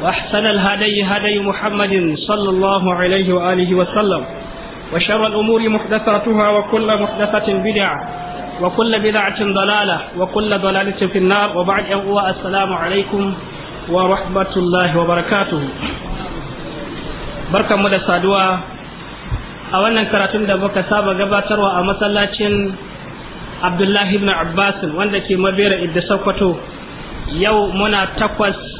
وأحسن الهدي هدي محمد صلى الله عليه وآله وسلم وشر الأمور محدثاتها وكل محدثة بدعة وكل بدعة ضلالة وكل ضلالة في النار وبعد أن السلام عليكم ورحمة الله وبركاته بركة مدى سادوا أولا كراتم دبوك سابا قباتر وأمسلاتين عبد الله بن عباس وانك مبير إد سوكتو yau muna takwas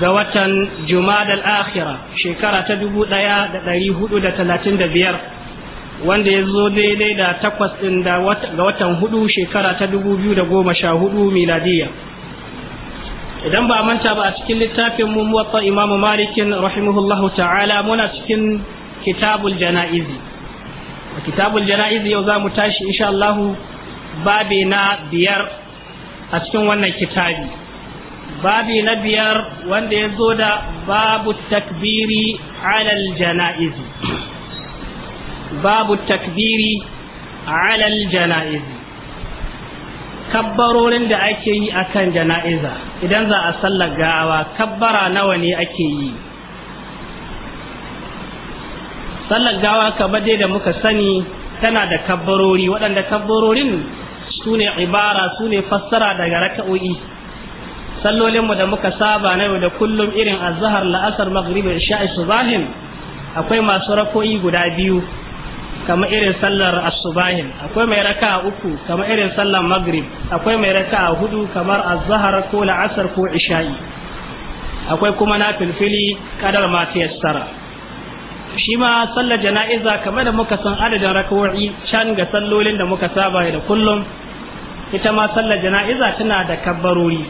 ga watan jumadal akhira shekara ta dubu ɗaya da ɗari hudu da talatin da biyar wanda ya zo daidai da takwas ɗin da ga watan hudu shekara ta dubu biyu da goma sha hudu miladiya idan ba manta ba a cikin littafin mu muwatta imamu malikin rahimahullahu ta'ala muna cikin kitabul jana'izi kitabul jana'izi yau za mu tashi insha Allahu babe na biyar a cikin wannan kitabi babi na biyar wanda ya zo da babu takbiri alal jana'izi babu takbiri alal jana'izi kabbarorin da ake yi akan jana'iza idan za a sallar gawa kabbara nawa ne ake yi sallar gawa kamar dai da muka sani tana da kabbarori waɗanda kabbarorin su ne ibara su ne fassara daga raka'o'i sallolin mu da muka saba na yau da kullum irin azhar la'asar maghrib isha subahin akwai masu rakoyi guda biyu kamar irin sallar asubahin akwai mai raka uku kamar irin sallar maghrib akwai mai raka hudu kamar azhar ko la'asar ko isha'i akwai kuma na filfili kadar ma yassara shi ma sallar jana'iza kamar da muka san adadin rakawo'i can ga sallolin da muka saba da kullum ita ma sallar jana'iza tana da kabbarori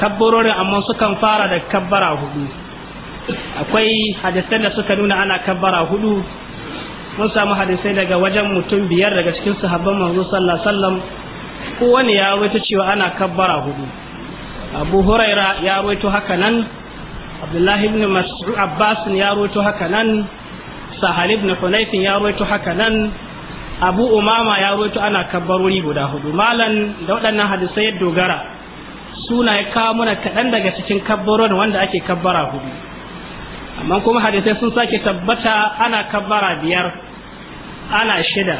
kabbarori amma sukan fara da kabbara hudu akwai hadisai da suka nuna ana kabbara hudu mun samu hadisai daga wajen mutum biyar daga cikin sahabban manzo sallallahu alaihi wasallam kowane ya rawaito cewa ana kabbara hudu abu huraira ya rawaito haka nan abdullahi ibn mas'ud abbas ya rawaito haka nan sahal ibn hunayf ya rawaito haka nan abu umama ya rawaito ana kabbarori guda hudu malan da waɗannan hadisai dogara suna ya kawo muna kaɗan daga cikin kabbaron wanda ake kabbara hudu amma kuma hadisai sun sake tabbata ana kabbara biyar ana shida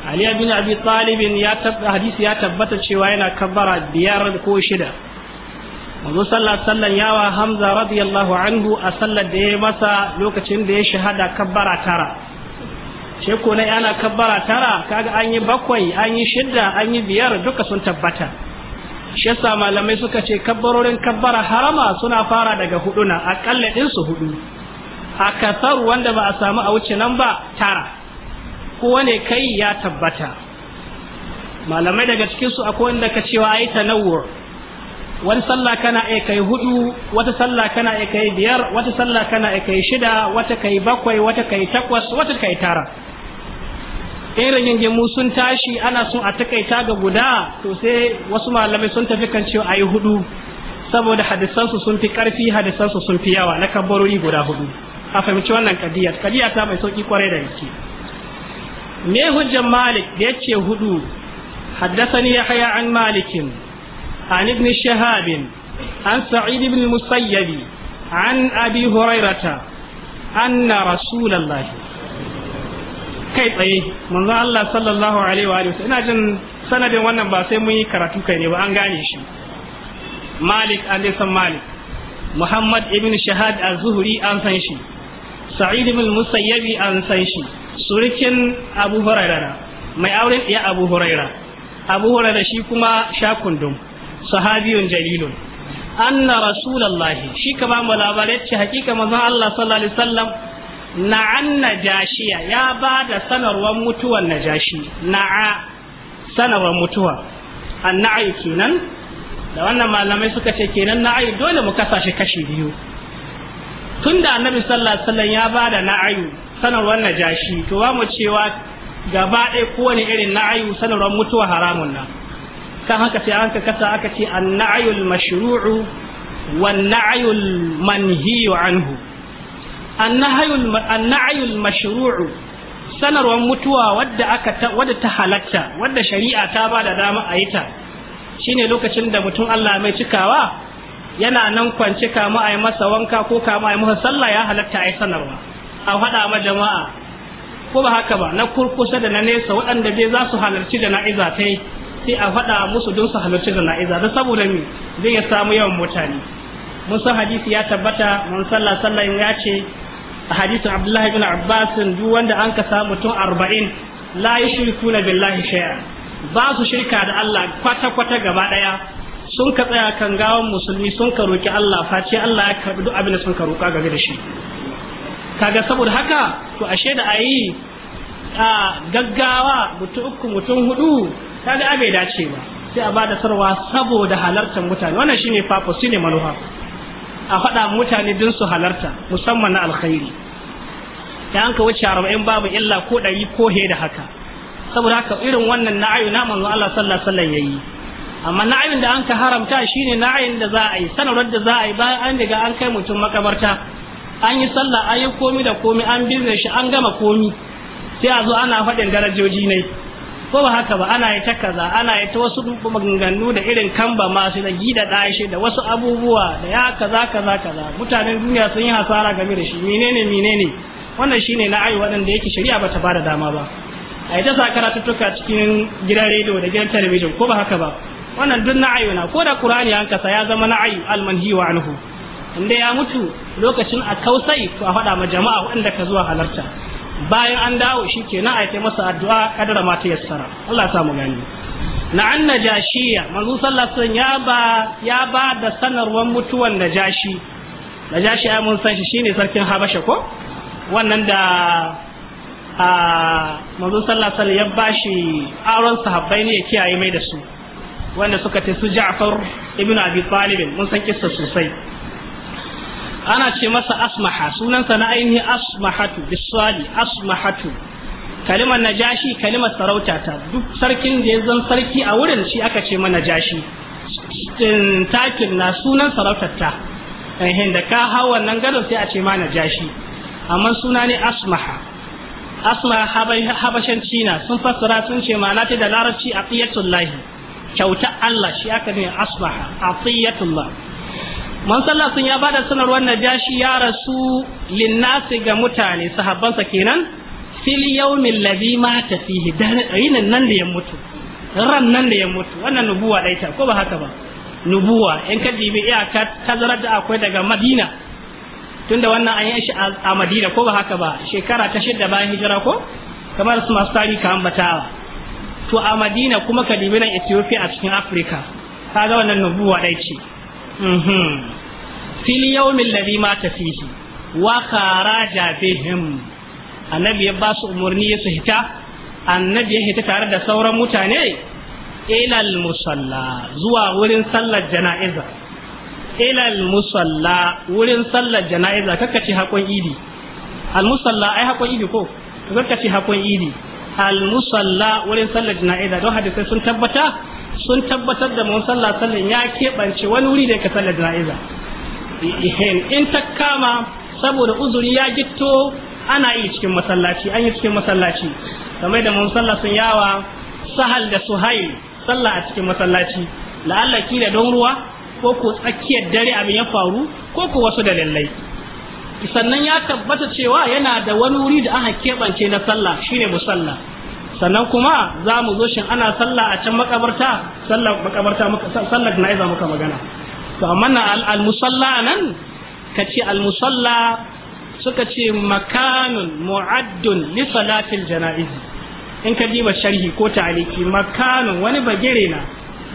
Ali bin Abi Talib ya tabbata hadisi ya tabbata cewa yana kabbara biyar ko shida Manzo sallallahu sallan yawa Hamza radiyallahu anhu a sallar da ya masa lokacin da ya shahada kabbara tara ce ko na yana kabbara tara kaga an yi bakwai an yi shida an yi biyar duka sun tabbata shi malamai suka ce kabbarorin kabbara harama suna fara daga na akalla din su hudu a kasar wanda ba a samu a wuce nan ba tara ko wane kai ya tabbata malamai daga cikin su akwai wanda ka cewa ai tanawur wani sallah kana iya kai hudu wata sallah kana iya kai biyar wata sallah kana iya kai shida wata kai bakwai wata kai takwas wata kai tara in rigingimu sun tashi ana sun a takaita ga guda to sai wasu malamai sun tafi kan cewa yi hudu saboda hadisansu sun fi karfi hadisansu sun fi yawa na kabbarori guda hudu a fahimci wannan kadiyar kadiyar ta mai sauki kwarai da yake me hujjan malik da yace hudu haddasani ya haya an malikin an ibn shahabin an sa'id ibn musayyabi an abi hurairata anna rasulallahi. kai tsaye manzo Allah sallallahu alaihi wa alihi ina jin sanadin wannan ba sai mun yi karatu kai ne ba an gane shi Malik an Malik Muhammad ibn Shahad az-Zuhri an san shi Sa'id ibn Musayyabi an san shi surikin Abu Hurairah mai auren ya Abu Hurairah Abu Hurairah shi kuma shakundum sahabiyun jalilun anna rasulullahi shi ka labarai ce hakika manzo Allah sallallahu alaihi wasallam na'an najashiya ya ba da sanarwar mutuwar najashi na'a sanarwar mutuwa anna'ayu kenan da wannan malamai suka ce kenan na'ayu dole mu kasa shi kashi biyu tunda annabi sallallahu alaihi wasallam ya ba da na'ayu sanarwar najashi to ba mu cewa gaba ɗaya kowane irin na'ayu sanarwar mutuwa haramun nan kan haka sai an ka kasa aka ce na'ayul mashru'u wan na'ayul manhiyu anhu annahayul mashru'u sanarwar mutuwa wadda aka ta wadda ta halatta wadda shari'a ta ba da dama a yi ta shine lokacin da mutum Allah mai cikawa yana nan kwance kama a masa wanka ko kama a yi masa sallah ya halatta ayi sanarwa a ma jama'a ko ba haka ba na kurkusa da na nesa waɗanda zai za su halarci jana'iza ta sai a faɗa musu don su halarci jana'iza da saboda me zai ya samu yawan mutane mun san hadisi ya tabbata mun sallah sallah ya ce hadisin abdullahi bin abbas duk wanda an ka samu tun arba'in la na billahi shay'a ba su shirka da Allah kwata kwata gaba daya sun ka tsaya kan gawan musulmi sun ka roki Allah face Allah ya karbi duk abin da sun ka roka game da shi kaga saboda haka to ashe da ayi a gaggawa mutum uku mutum hudu kaga abai dace ba sai a ba da sarwa saboda halartar mutane wannan shine purpose shine manufa a faɗa mutane don su halarta musamman na alkhairi da an ka wuce arba'in babu illa ko ɗari ko he da haka saboda haka irin wannan na'ayu na manzo Allah sallallahu alaihi wasallam yayi amma na'ayun da an ka haramta shine na'ayin da za a yi sanarwar da za a yi bayan an riga an kai mutum makabarta an yi sallah an yi komi da komi an bizne shi an gama komi sai a zo ana faɗin darajoji ne ko ba haka ba ana yi ta kaza ana yi ta wasu maganganu da irin kamba masu da gida da wasu abubuwa da ya kaza kaza kaza mutanen duniya sun yi hasara game da shi menene menene wannan shine na ayi waɗanda yake shari'a bata ba da dama ba a yi ta sa karatuttuka cikin gidan rediyo da gidan talabijin ko ba haka ba wannan duk na ayu na ko da qur'ani an kasa ya zama na ayu almanhi wa anhu inda ya mutu lokacin a kausai ko a faɗa ma jama'a waɗanda ka zuwa halarta bayan an dawo shi ke na aike masa addu'a kadara mata yassara Allah ya samu gani na an najashiya manzo sallallahu ya ba ya ba da sanarwar mutuwan najashi najashi ai mun san shi shine sarkin habasha ko wannan da a manzo sallallahu ya bashi auren sahabbai ne ya kiyaye mai da su wanda suka tafi su Ja'far ibnu Abi Talib mun san kissa sosai ana ce masa asmaha sunansa na ainihi asmahatu bisali asmahatu kalimar najashi kalimar sarauta ta duk sarkin da ya zan sarki a wurin shi aka ce mana najashi takin na sunan sarautar ta da ka hau wannan gadon sai a ce ma najashi amma suna ne asmaha asma habashan cina sun fassara sun ce ma'ana ta da larabci a lahi kyauta allah shi aka ne asmaha a man sallah sun ya bada sanarwar jashi ya rasu linnasi ga mutane sahabbansa kenan fil yawmin ladhi mata fihi daren nan da ya mutu ran nan da ya mutu wannan nubuwa dai ta ko ba haka ba nubuwa in ka dibi iyaka tazara da akwai daga madina tunda wannan an yi shi a madina ko ba haka ba shekara ta shida bayan hijira ko kamar su masu tari ka ambatawa to a madina kuma ka dibi nan ethiopia a cikin afirka kaga wannan nubuwa dai ce fil ma ta fi fihi wa kharaja bihim annabi ya ba su umarni ya su hita annabi ya hita tare da sauran mutane ilal musalla zuwa wurin sallar jana'iza ilal musalla wurin sallar jana'iza kakkace hakon idi al musalla ai hakon idi ko kakkace hakon idi al musalla wurin sallar jana'iza don hadisai sun tabbata sun tabbatar da mun sallah sallan ya keɓance wani wuri da ka sallar jana'iza in ta kama saboda uzuri ya gitto ana yi cikin masallaci an yi cikin masallaci kamar da mun sallah sun yawa sahal da suhail sallah a cikin masallaci la'alla da don ruwa ko ko tsakiyar dare abin ya faru ko ko wasu dalilai sannan ya tabbata cewa yana da wani wuri da aka keɓance na sallah shine musalla sannan kuma za mu zo shin ana sallah a can makabarta sallah makabarta sallah na iza muka magana to amma na al-musalla nan ka ce al-musalla suka ce makanun mu'addun li salatil janaiz in ka diba sharhi ko ta'aliki makanun wani bagire na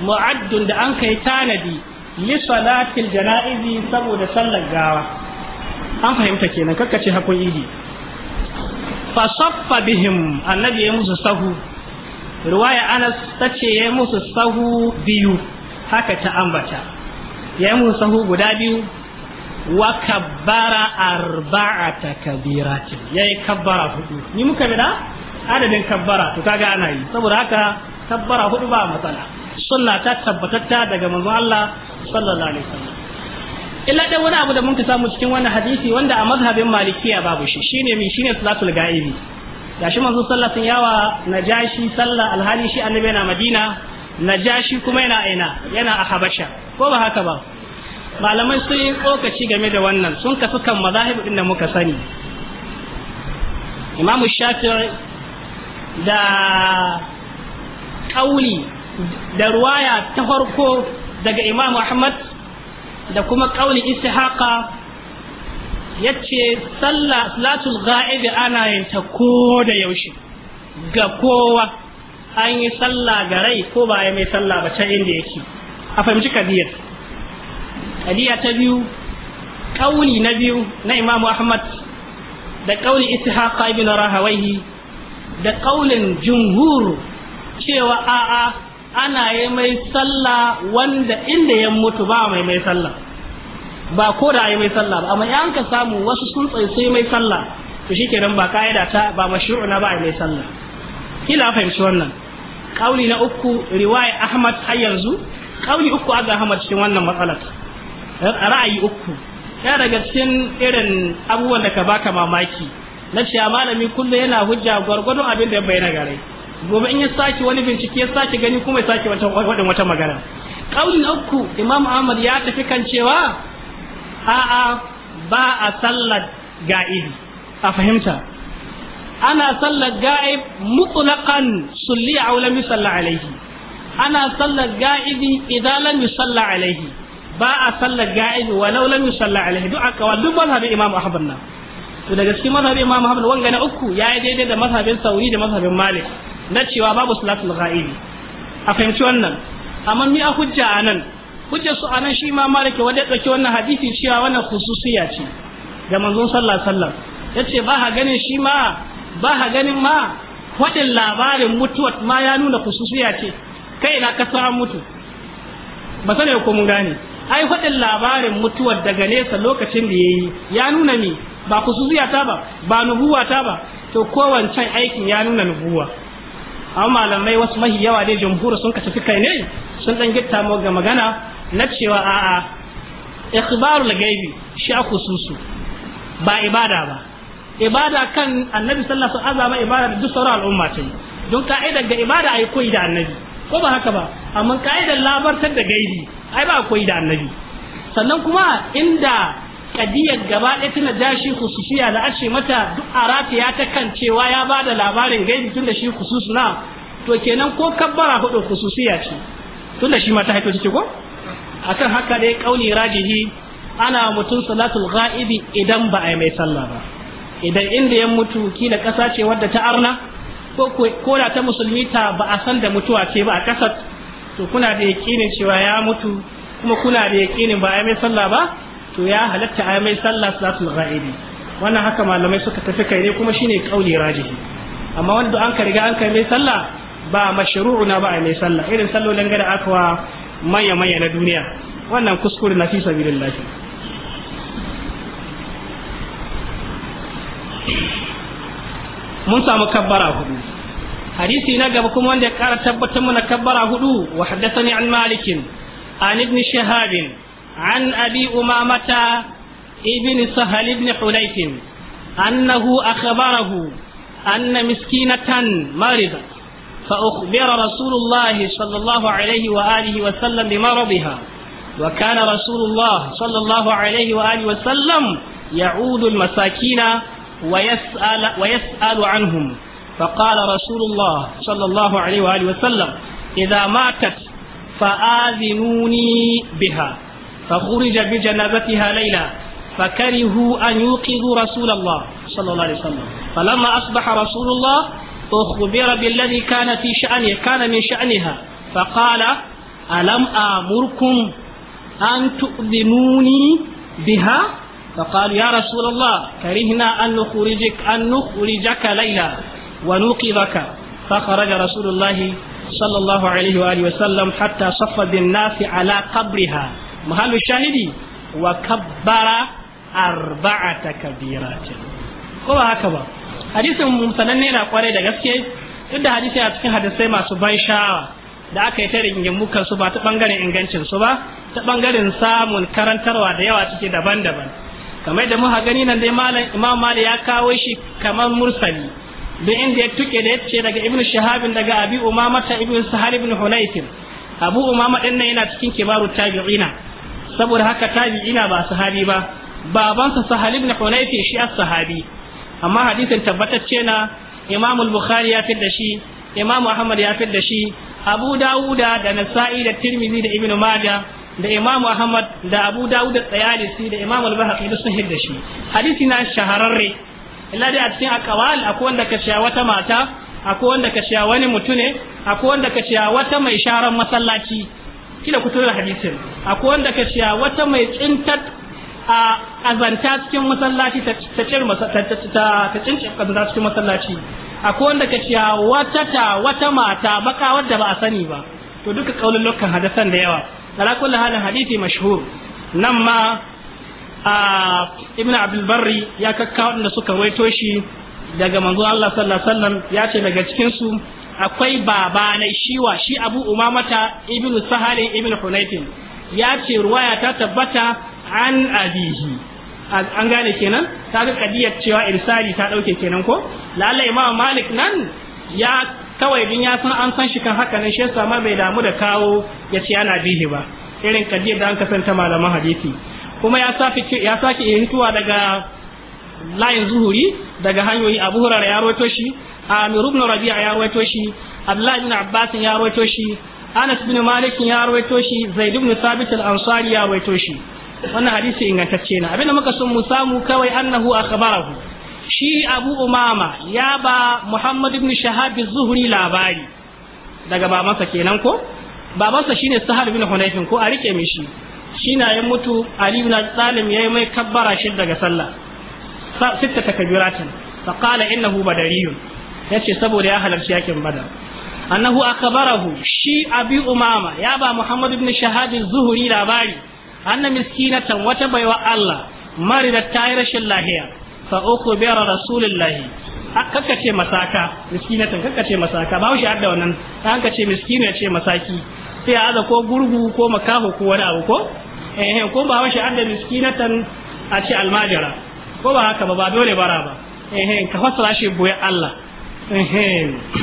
mu'addun da an kai tanadi li salatil janaiz saboda sallar gawa an fahimta kenan kakkace hakun idi Fasaffa bihim annabi ya musu sahu riwaya anas ta ce ya musu sahu biyu haka ta ambata ya musu sahu guda biyu wa kabbara arba'ata kabiratin yayi kabbara hudu ni muka bi da adadin kabbara to kaga ana yi saboda haka kabbara hudu ba matsala sunna ta tabbatatta daga manzo Allah sallallahu alaihi wasallam illa dai wani abu da mun ka samu cikin wannan hadisi wanda a mazhabin malikiya babu shi shine mi shine salatul ga'ibi gashi manzo sallallahu yawa najashi sallah alhali shi annabi yana madina najashi kuma yana aina yana a habasha ko ba haka ba malamai sun yi kokaci game da wannan sun kasu kan mazahib din da muka sani imam shafi'i da kauli da ruwaya ta farko daga imam ahmad da kuma kauli istihaqa yace sallah salatul ghaib ana yin ta ko da yaushe ga kowa an yi sallah ga rai ko ba ya mai sallah ba can inda yake a fahimci kadiyar kadiya ta biyu ƙauli na biyu na imam ahmad da kauli ishaqa ibn rahawaihi da kaulin jumhur cewa a'a ana yi mai sallah wanda inda ya mutu ba mai mai sallah ba ko da yi mai sallah ba amma yan samu wasu sun tsaye sai mai sallah to shikenan ba kaida ta ba na ba mai sallah kila fahimci wannan kauli na uku riwaya ahmad har yanzu kauli uku aga ahmad cikin wannan matsalar ra'ayi uku ya daga cikin irin abubuwan da ka baka mamaki na cewa malami kullum yana hujja gwargwadon abin da ya bayyana gare gobe in ya sake wani bincike ya sake gani kuma ya sake wata wadin wata magana kaulin uku imam ahmad ya tafi kan cewa a'a ba a sallar ga'ib a fahimta ana sallar ga'ib mutlaqan sulli aw lam yusalla a'laihi. ana sallar ga'ibi idan lam yusalla alayhi ba a sallar ga'ibi walau lam yusalla a'laihi duk aka wa duk mazhabin imam ahmad na to daga cikin mazhabin imam ahmad wanga na uku ya yi daidai da mazhabin sauri da mazhabin malik na cewa babu salatul ghaibi a fahimci wannan amma ni a hujja anan hujja su anan shi ma malike wanda ya dauki wannan hadisi cewa wannan khususiya ce ga manzon sallallahu alaihi wasallam yace ba ha ganin shi ma ba ha ganin ma wadin labarin mutuwa ma ya nuna khususiya ce kai na kasa an mutu ba sani ko mun gane ai wadin labarin mutuwar daga nesa lokacin da yayi ya nuna ni ba khususiya ta ba ba nubuwa ta ba to kowancan aikin ya nuna nubuwa amma malamai wasu mahi yawa dai jamhuri sun kaci kai ne sun dan gitta mu ga magana na cewa a'a ikhbarul gaibi shi aku susu ba ibada ba ibada kan annabi sallallahu alaihi wasallam ibada da duk sauran al'umma ce don ka'idar ga ibada ai koyi da annabi ko ba haka ba amma ka'idar labartar da gaibi ai ba koyi da annabi sannan kuma inda kadiyar gaba ɗaya tana shi khususiya da ashe mata duk a ya ta kan cewa ya ba da labarin gaibi tun da shi khusus na to kenan ko kabbara hudu khususiya ce tun da shi ma ta haifo ce ko akan haka dai kauli rajihi ana mutum salatul ghaibi idan ba a yi mai sallah ba idan inda ya mutu kila ƙasa ce wadda ta arna ko da ta musulmi ta ba a san da mutuwa ce ba a ƙasar to kuna da yaƙinin cewa ya mutu kuma kuna da yaƙinin ba a yi mai sallah ba to ya halatta a mai sallah salatul ghaibi wannan haka malamai suka tafi kai ne kuma shine kauli rajihi amma wanda an ka riga an kai mai sallah ba mashru'u na ba a mai sallah irin sallolin gada aka wa manya manya na duniya wannan kuskure na fi sabilillah mun samu kabbara hudu hadisi na gaba kuma wanda ya kara tabbatar mana kabbara hudu wa haddathani an malikin an shahabin عن أبي أمامة ابن سهل بن حليف أنه أخبره أن مسكينة مرضت فأخبر رسول الله صلى الله عليه وآله وسلم بمرضها وكان رسول الله صلى الله عليه وآله وسلم يعود المساكين ويسأل, ويسأل عنهم فقال رسول الله صلى الله عليه وآله وسلم إذا ماتت فآذنوني بها فخرج بجنابتها ليلا فكرهوا أن يوقظوا رسول الله صلى الله عليه وسلم فلما أصبح رسول الله أخبر بالذي كان في شأنه كان من شأنها فقال ألم آمركم أن تؤذنوني بها فقال يا رسول الله كرهنا أن نخرجك أن نخرجك ليلا ونوقظك فخرج رسول الله صلى الله عليه وآله وسلم حتى صف بالناس على قبرها mahallu shahidi wa kabbara ta kabiratin ko ba haka ba hadisin sananne na kwarai da gaske duk da hadisi a cikin hadisai masu ban sha'awa da aka yi ta rigingimukan su ba ta bangaren ingancin su ba ta bangaren samun karantarwa da yawa cike daban-daban kamar da muka gani nan dai malam imam mali ya kawo shi kamar mursali duk inda ya tuke da yace daga ibnu shahabin daga abi umama ta ibnu sahal ibn hunayfin abu umama din yana cikin kibaru tabi'ina saboda haka tabi'ina ba sahabi ba babansa sahal ibn hunayf shi sahabi amma hadisin tabbatacce na imam al-bukhari ya fidda shi imam ahmad ya fidda shi abu dawuda da nasa'i da tirmidhi da ibn majah da imam ahmad da abu dawuda tsayalisi da imam al-bahaqi da sun da shi hadisi na shahararre illa dai a cikin akawal akwai wanda ka wata mata akwai wanda ka sha wani mutune akwai wanda ka wata mai sharan masallaci kila ku tura hadisin akwai wanda ka ciya wata mai tsintar a azanta cikin masallaci ta cin ta cince azanta cikin masallaci akwai wanda ka ciya wata ta wata mata baka wadda ba a sani ba to duka kaululokan hadisan da yawa ala kulli halin hadisi mashhur nan ma ibn abdul barri ya kakkawa wanda suka waito shi daga manzon Allah sallallahu alaihi wasallam ya ce daga cikin su akwai baba na shiwa shi abu umamata ibnu sahalin ibnu hunayfin ya ce ruwaya ta tabbata an abihi an gane kenan ta ga kadiyar cewa irsali ta dauke kenan ko lalle imam malik nan ya kawai din ya san an san shi kan haka nan shi yasa ma bai damu da kawo ya ce ana bihi ba irin kadiyar da an kasanta malaman hadisi kuma ya sake ya sake daga layin zuhuri daga hanyoyi abu hurara ya roto shi amiru ibn rabi'a ya rawaito shi abdullahi ibn abbas ya rawaito shi anas ibn malik ya rawaito shi zaid ibn Thabit al-ansari ya rawaito shi wannan hadisi ingantacce ne abinda muka son mu samu kawai annahu akhbarahu shi abu umama ya ba muhammad ibn shahab zuhri labari daga babansa kenan ko babansa shine sahal ibn hunayfin ko a rike mishi? shi na ya mutu ali ibn talib ya mai kabbara shi daga sallah sitta takbiratin fa qala innahu badariyun yace saboda ya halarci yakin badar annahu akbarahu shi abi umama ya ba muhammad ibn shahab az-zuhri labari anna miskinatan wata baiwa allah mari da ta rashin lahiya fa uku bi rasulillahi kakka masaka miskinatan kakka masaka ba shi adda wannan an kace ce miskinu ya ce masaki sai aza ko gurgu ko makaho ko wani abu ko eh ko ba shi adda miskinatan a ce almajira ko ba haka ba ba dole bara ba eh ka fasara shi boye Allah Allahumma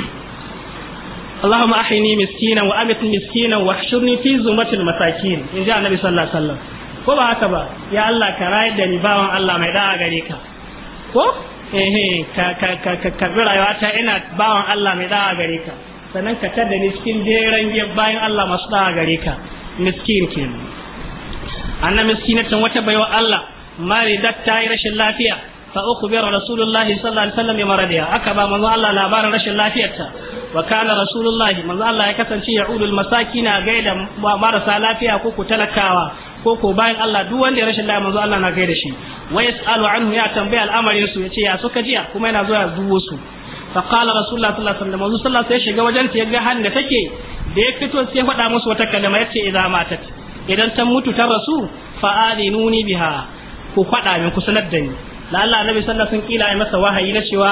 اللهم أحيني مسكينا وأمت مسكينا واحشرني في زمرة المساكين masakin in النبي annabi sallallahu alaihi wasallam ko ba haka ba ya Allah ka rayar da ni bawan Allah mai da'a gare ka ko eh ka ka ka ka karbi rayuwa ta ina bawan Allah mai da'a gare ka sannan ka tada ni cikin jeran bayan Allah masu da'a gare ka miskin kin annan miskinatan wata baiwa Allah mari dat ta rashin lafiya fa biyar rasulullahi sallallahu alaihi wasallam maradiya aka ba manzo Allah labarin rashin lafiyarta wa kana rasulullahi manzo Allah ya kasance ya ulul masakina gaida marasa lafiya ko ku talakawa ko ko bayan Allah duk wanda ya rashin lafiya manzo Allah na gaida da shi wa yasalu anhu ya tambaya al'amarin su yace ya suka jiya kuma yana zuwa duwo su fa qala rasulullah sallallahu alaihi wasallam manzo sallallahu alaihi shiga wajen ta yaga hannu take da ya fito sai ya faɗa musu wata kalma yace idza matat idan ta mutu ta rasu fa alinuni biha ku faɗa min ku sanar da ni da Allah annabi sallallahu alaihi wasallam kila ai masa wahayi na cewa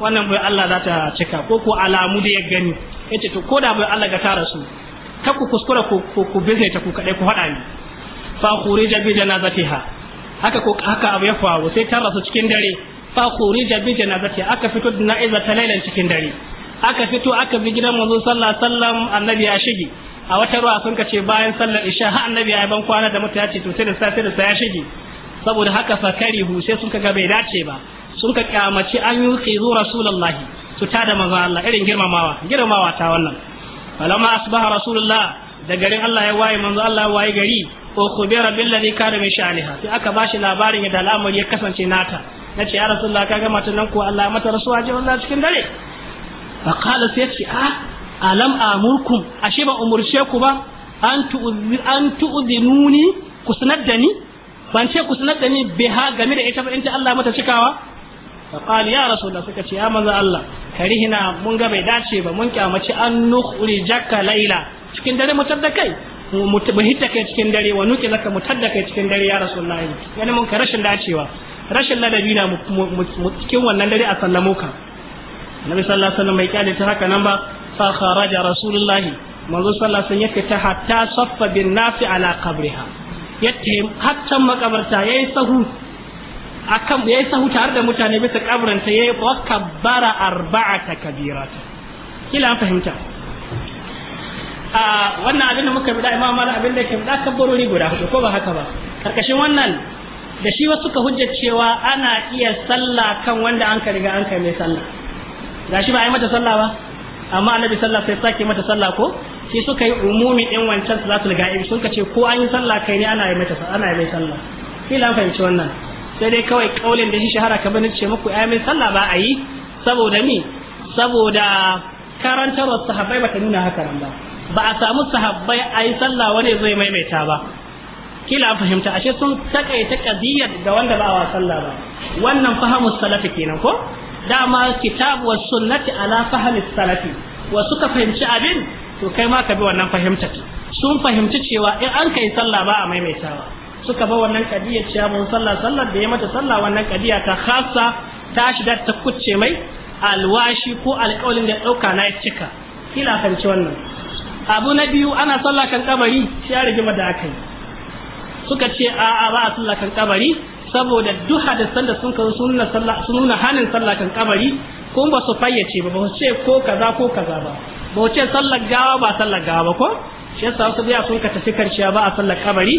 wannan bai Allah za ta cika ko ko alamu da ya gani yace to koda bai Allah ga tara su ka ku kuskura ku ku bizne ta ku kadai ku hada ni fa khurija bi janazatiha haka ko haka abu ya faru sai tara su cikin dare fa khurija bi janazatiha aka fito da na'iza ta lailan cikin dare aka fito aka bi gidan manzo sallallahu alaihi wasallam annabi ya shige a wata ruwa sun ka ce bayan sallar isha ha annabi ya ban kwana da mutane to sai da safe da sa ya shige saboda haka fakarihu sai sun kaga bai dace ba sun ka kyamaci an yi khizu rasulullah su ta da manzo Allah irin girmamawa girmamawa ta wannan falamma asbaha rasulullah da garin Allah ya waye manzo Allah ya waye gari ko khubira billadhi kana min sha'niha sai aka bashi labarin da al'amari ya kasance nata nace ya rasulullah kaga matan nan ko Allah mata rasuwa je wallahi cikin dare fa qala sai ce a ah, alam amurkum ashe ba umarce ku ba an tu'zi an ku sanar da ni ban ce ku sanar da ni ha game da ita ba in Allah mata cikawa fa qala ya rasulullah suka ce ya manzo Allah karihina mun ga bai dace ba mun kyamaci an jakka laila cikin dare mutar da kai mu hitta kai cikin dare wa nuke zaka mutar da kai cikin dare ya rasulullahi yana mun ka rashin dacewa rashin ladabi na mu cikin wannan dare a sallamo ka nabi sallallahu alaihi wasallam bai kyale ta haka nan ba fa kharaja rasulullahi manzo sallallahu alaihi wasallam ya fita hatta saffa bin nasi ala qabriha ya hatta makabarta yayi sahu akan yayi sahu tare da mutane bisa kabranta yayi wa kabbara arba'ata kabirat kila fahimta a wannan abin da muka bida imam malik abin da ke da kabbarori guda hudu ko ba haka ba karkashin wannan da shi wasu ka hujja cewa ana iya sallah kan wanda an ka riga an kai mai sallah gashi ba a yi mata sallah ba amma annabi sallah sai sake mata sallah ko sai suka yi umumi din wancan salatul ga'ib sun ce ko an yi sallah kai ne ana yi mata ana yi mai sallah sai la fahimci wannan sai dai kawai kaulin da shi shahara ka bani ce muku ai mai sallah ba a yi saboda ni, saboda karantarwar sahabbai bata nuna haka nan ba ba a samu sahabbai a yi sallah wani zai maimaita ba kila fahimta ashe sun takaita kadiyar da wanda ba wa sallah ba wannan fahimu salafi kenan ko dama kitabu was sunnati ala fahimis salafi wa suka fahimci abin to kai ma ka bi wannan fahimta sun fahimci cewa in an kai sallah ba a maimaitawa suka ba wannan kadiya cewa mun sallah sallar da ya mata sallah wannan kadiya ta khassa ta shiga ta kucce mai alwashi ko alƙawalin da ɗauka na ya cika kila fahimci wannan abu na biyu ana sallah kan kabari shi ya rigima da aka suka ce a'a ba a sallah kan kabari saboda duk hadisan da sun sunna sun nuna hanin sallah kan kabari kun ba su fayyace ba ba su ce ko kaza ko kaza ba ba sallar gawa ba sallar gawa ba ko shi yasa wasu biya sun ka tafi kanciya ba a sallar kabari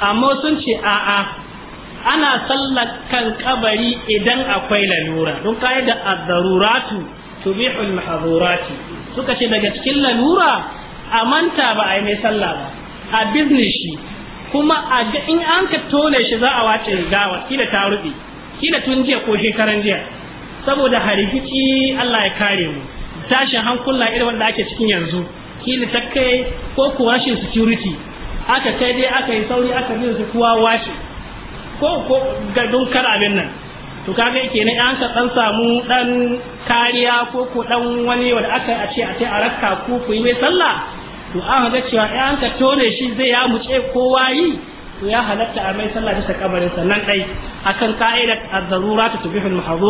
amma sun ce a'a ana sallar kan kabari idan akwai lalura don kai da azzaruratu tubihul mahzurati suka ce daga cikin lalura a manta ba a yi mai sallah ba a bizne shi kuma a ga in an ka tone shi za a wace gawa kila ta rubi kila tun jiya ko shekaran jiya saboda harigici Allah ya kare mu tashin hankula irin wanda ake cikin yanzu kila ta kai ko ku rashin security aka kai dai aka yi sauri aka bi su kuwa washe ko ko ga dunkar abin nan to kaga ne an ka dan samu dan kariya ko ko dan wani wanda aka a ce a ce a rakka ku ku yi mai sallah to an ga cewa ai an ka tone shi zai ya muce kowa yi to ya halatta a mai sallah bisa kabarin sannan dai akan ka'idat az-zarurat tubihul al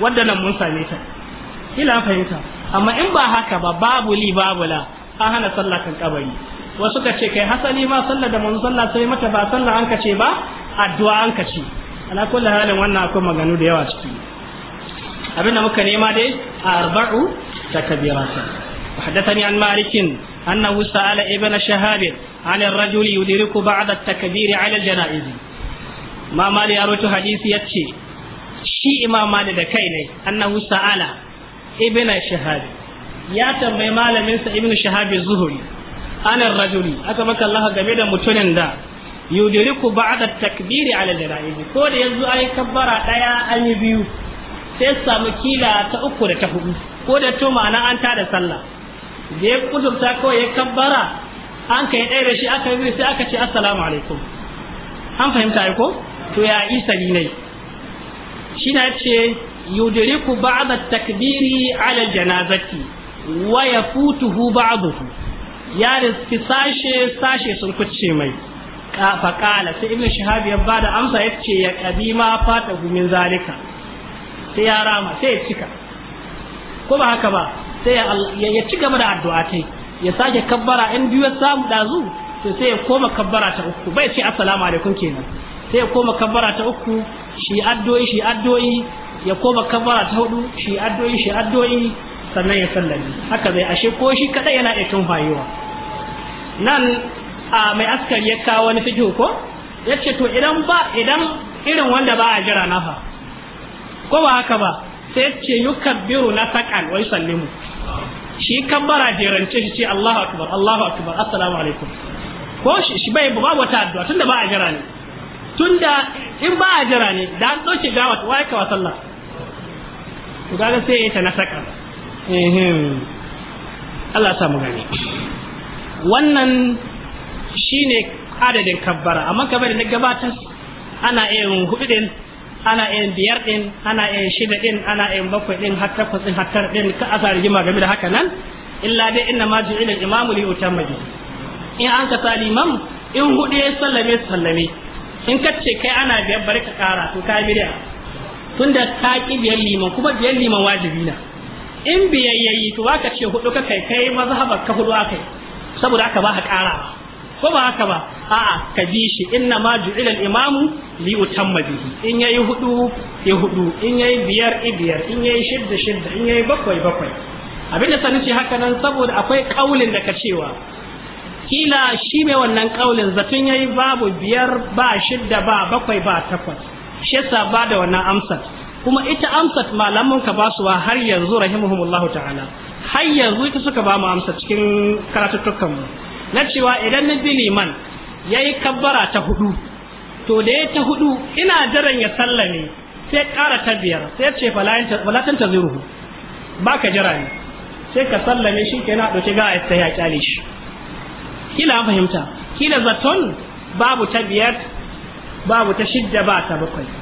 wanda nan mun same ta ila fahimta amma in ba haka ba babu li babu la an hana sallah kan kabari wasu ka ce kai hasali ma sallah da manzo sallah sai mata ba sallah an kace ba addu'a an kace ala kulli halin wannan akwai maganu da yawa ciki abinda muka nema dai arba'u takbiratan وحدثني عن مالك أنه سأل ابن شهاب عن الرجل يدرك بعد التكبير على الجنائز ما مالي أروت حديث يتشي shi imam malik da kai ne annahu sa'ala ibn shahab ya tambayi malamin sa ibn shahab zuhuri ana rajuli aka maka Allah game da mutumin da yudiriku ba'da takbiri ala al ko da yanzu ai kabbara daya an yi biyu sai samu kila ta uku da ta hudu ko da to ma'ana an tada sallah da ya kudurta ko ya kabbara an kai ɗaya da shi aka yi sai aka ce assalamu alaikum an fahimta ai ko to ya isa shi na ce yudriku ba'd at-takbiri 'ala al-janazati wa yafutuhu ba'dahu ya riski sashe sashe sun kucce mai fa qala sai ibnu shihab ya bada amsa yace ya kabima fata gumin zalika sai ya rama sai ya cika ko ba haka ba sai ya ci gaba da addu'a tai ya sake kabbara in biyu ya samu dazu to sai ya koma kabbara ta uku bai ce assalamu alaikum kenan sai ya koma kabbara ta uku shi addoyi shi addoyi ya koma kabara ta hudu shi addu'o'i shi addu'o'i sannan ya sallami haka zai ashe ko shi kadai yana da tun fayewa nan a mai askari ya kawo wani fiki ko yace to idan ba idan irin wanda ba a jira nafa ko ba haka ba sai yace yukabbiru na sakan wai sallimu shi kabbara jerance shi ce Allahu akbar Allahu akbar assalamu alaikum ko shi shi bai ba wata addu'a tunda ba a jira ne tunda in ba a jira ne da an dauke gawa wa ya kawa sallah to ga sai ya ta na saka ehem Allah ya mu gani wannan shine adadin kabbara amma kabbara da gabatar ana yin hudu din ana yin biyar din ana yin shida din ana yin bakwai din har takwas din har tara din ka asa rigima game da haka nan illa dai inna ma ju'ila al-imamu li yutamma in an ka sa in hudu ya sallame sallame in ka ce kai ana biyar bari ka kara to ka biya. tunda ta ki biyar liman kuma biyar liman wajibi na in biyayyayi to aka ce hudu ka kai kai mazhabar ka hudu akai saboda aka ba ka kara ko ba haka ba a'a ka bi shi inna ma ju'ila al-imamu li utamma bihi in yayi hudu ya hudu in yayi biyar biyar in yayi shidda shidda in yayi bakwai bakwai abinda sanin ce haka nan saboda akwai kaulin da ka cewa kila shi mai wannan kaulin zatun yayi babu biyar ba shidda ba bakwai ba takwas shi yasa ba da wannan amsat kuma ita amsat malaman ka wa har yanzu rahimahumullahu ta'ala har yanzu ita suka ba mu amsat cikin karatuttukan mu na cewa idan ni bi liman yi kabbara ta hudu to da ya ta hudu ina jiran ya sallame sai ƙara ta biyar sai ya ce falatan ta ziruhu ba ka jira ne sai ka sallame shi kenan a ɗauki ga sai ya kyale shi kila fahimta kila zaton babu ta biyar babu ta shidda ba ta bakwai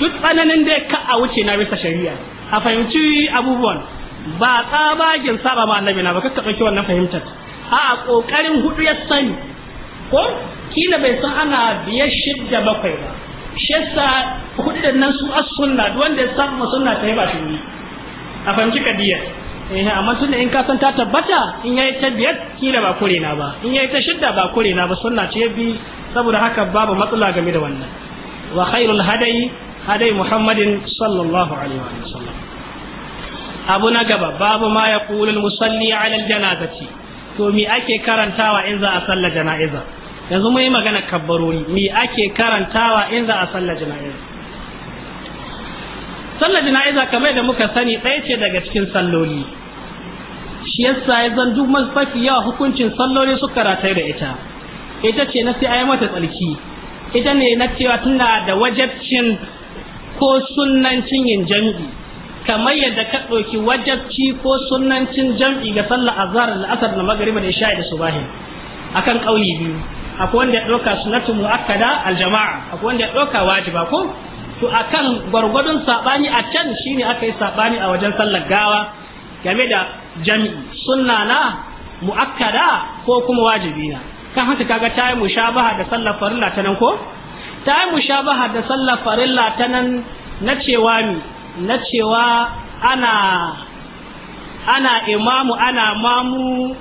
duk tsananin da ka a wuce na bisa shari'a a fahimci abubuwan ba tsabagen saba ma annabi na ba kakka ɗauki wannan fahimtar a ƙoƙarin hudu ya sani ko kila bai san ana biyar shidda bakwai ba shi yasa hudu da nan su as sunna duk wanda ya saba sunna ta yi ba shi a fahimci kadiyar eh amma sunna in ka san ta tabbata in yayi ta biyar kila ba kure na ba in yayi ta shidda ba kure na ba sunna ce bi saboda haka babu matsala game da wannan wa khairul hadayi هدي محمد صلى الله عليه وآله وسلم أبو نقبة باب ما يقول المصلي على الجنازة to mi ake karantawa in za a sallar jana'iza yanzu mun yi magana kabbarori mi ake karantawa in za a sallar jana'iza sallar jana'iza kamar da muka sani ɗaya ce daga cikin salloli shi yasa ya zan duk mafi yawa hukuncin salloli su karatai da ita ita ce na sai a yi mata tsarki ita ne na cewa tana da wajabcin ko sunnancin yin jam'i kamar yadda ka ɗauki wajabci ko sunnancin jam'i ga sallar zarar da asar da magariba da isha da subahi akan kauli biyu akwai wanda ya ɗauka sunnatu mu'akkada aljama'a akwai wanda ya ɗauka wajiba ko to akan gwargwadon saɓani a can shine aka yi saɓani a wajen sallar gawa game da jami'i sunna na mu'akkada ko kuma wajibi na kan haka kaga ta yi mushabaha da sallar farilla ta nan ko ta yi mushabaha da sallar farilla ta nan na cewa mi na cewa ana ana imamu ana mamu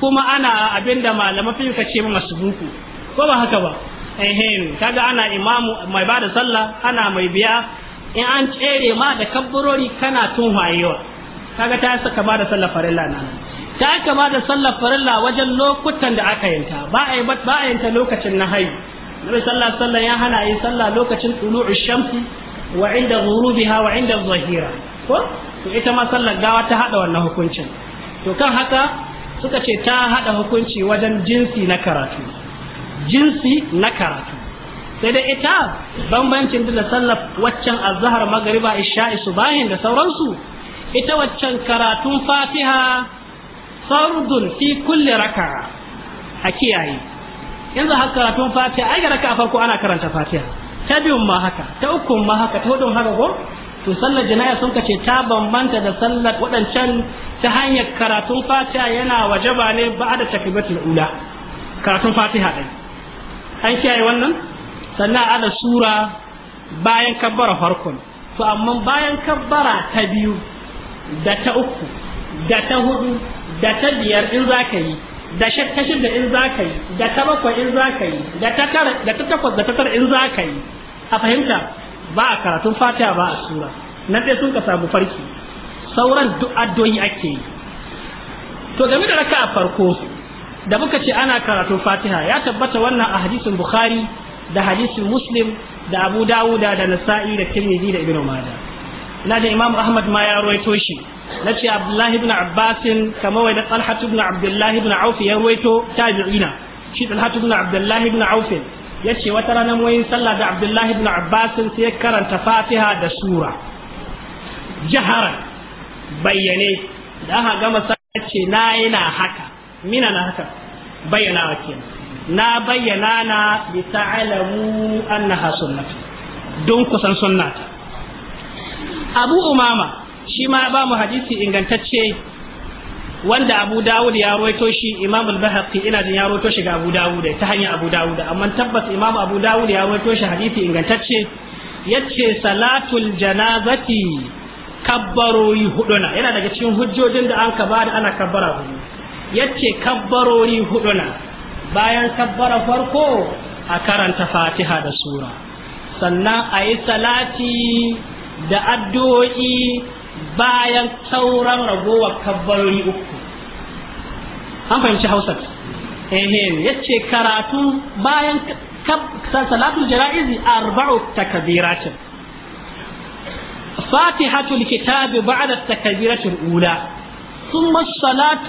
kuma ana abinda malama fi ka ce masu buku ko ba haka ba ehem kaga ana imamu mai bada sallah ana mai biya in an tsere ma da kabburori kana tun wayewa kaga ta saka bada sallah farilla nan ta kama da sallah farilla wajen lokutan da aka yanta ba a ba yanta lokacin nahayi nabi sallallahu alaihi wasallam ya hana yi sallah lokacin tulu'u shamsi wa inda ghurubiha wa inda zahira ko to ita ma sallar gawa ta hada wannan hukuncin to kan haka suka ce ta hada hukunci wajen jinsi na karatu jinsi na karatu sai dai ita bambancin da sallar waccan azhar magriba isha'i subahin da sauransu ita waccan karatun fatiha fardun fi kulli raka'a a kiyaye za haka karatun fatiha ai raka a farko ana karanta fatiha ta biyun ma haka ta uku ma haka ta hudun haka ko to sallar jana'a sun kace ta bambanta da sallar waɗancan ta hanyar karatun fatiha yana wajaba ne ba da takbiratul ula karatun fatiha dai an kiyaye wannan sannan da sura bayan kabbara farkon to amma bayan kabbara ta biyu da ta uku da ta hudu da ta biyar in za ka yi da shakkashin da in za yi da ta bakwai in za ka yi da ta takwas da ta tara in za yi a fahimta ba a karatun fatiha ba a sura nan dai sun ka samu farki sauran duk addoyi ake yi to game da raka a farko da muka ce ana karatun fatiha ya tabbata wannan a hadisin bukhari da hadisin muslim da abu dawuda da nasa'i da tirmidhi da ibnu majah na da imam ahmad ma ya rawaito shi nace abdullahi ibn abbas kama wai da talha ibn abdullahi ibn auf ya ruwaito tabi'ina shi talha ibn abdullahi ibn auf yace wata ranar mun sallah da abdullahi ibn abbas sai karanta fatiha da sura jahara bayyane da aka gama sace na yana haka mina na haka bayyana wa na bayyana na bi ta'lamu annaha sunnatu don kusan sunnata abu umama shi ma ba mu hadisi ingantacce wanda Abu Dawud ya rawaito shi Imam al-Bahaqi ina jin ya rawaito shi ga Abu Dawud ta hanyar Abu Dawud amma tabbas Imam Abu Dawud ya rawaito shi hadisi ingantacce yace salatul janazati kabbarori huduna yana daga cikin hujjojin da an ka bada ana kabbara hudu yace kabbarori huduna bayan kabbara farko a karanta Fatiha da sura sannan a yi salati da addu'o'i bayan sauran ragowar kabbalori uku an fahimci hausar ehe ya ce karatu bayan salatul jara'izi arba'u takabiratin fatihatul kitabi ba'da takabiratul ula ثم الصلاة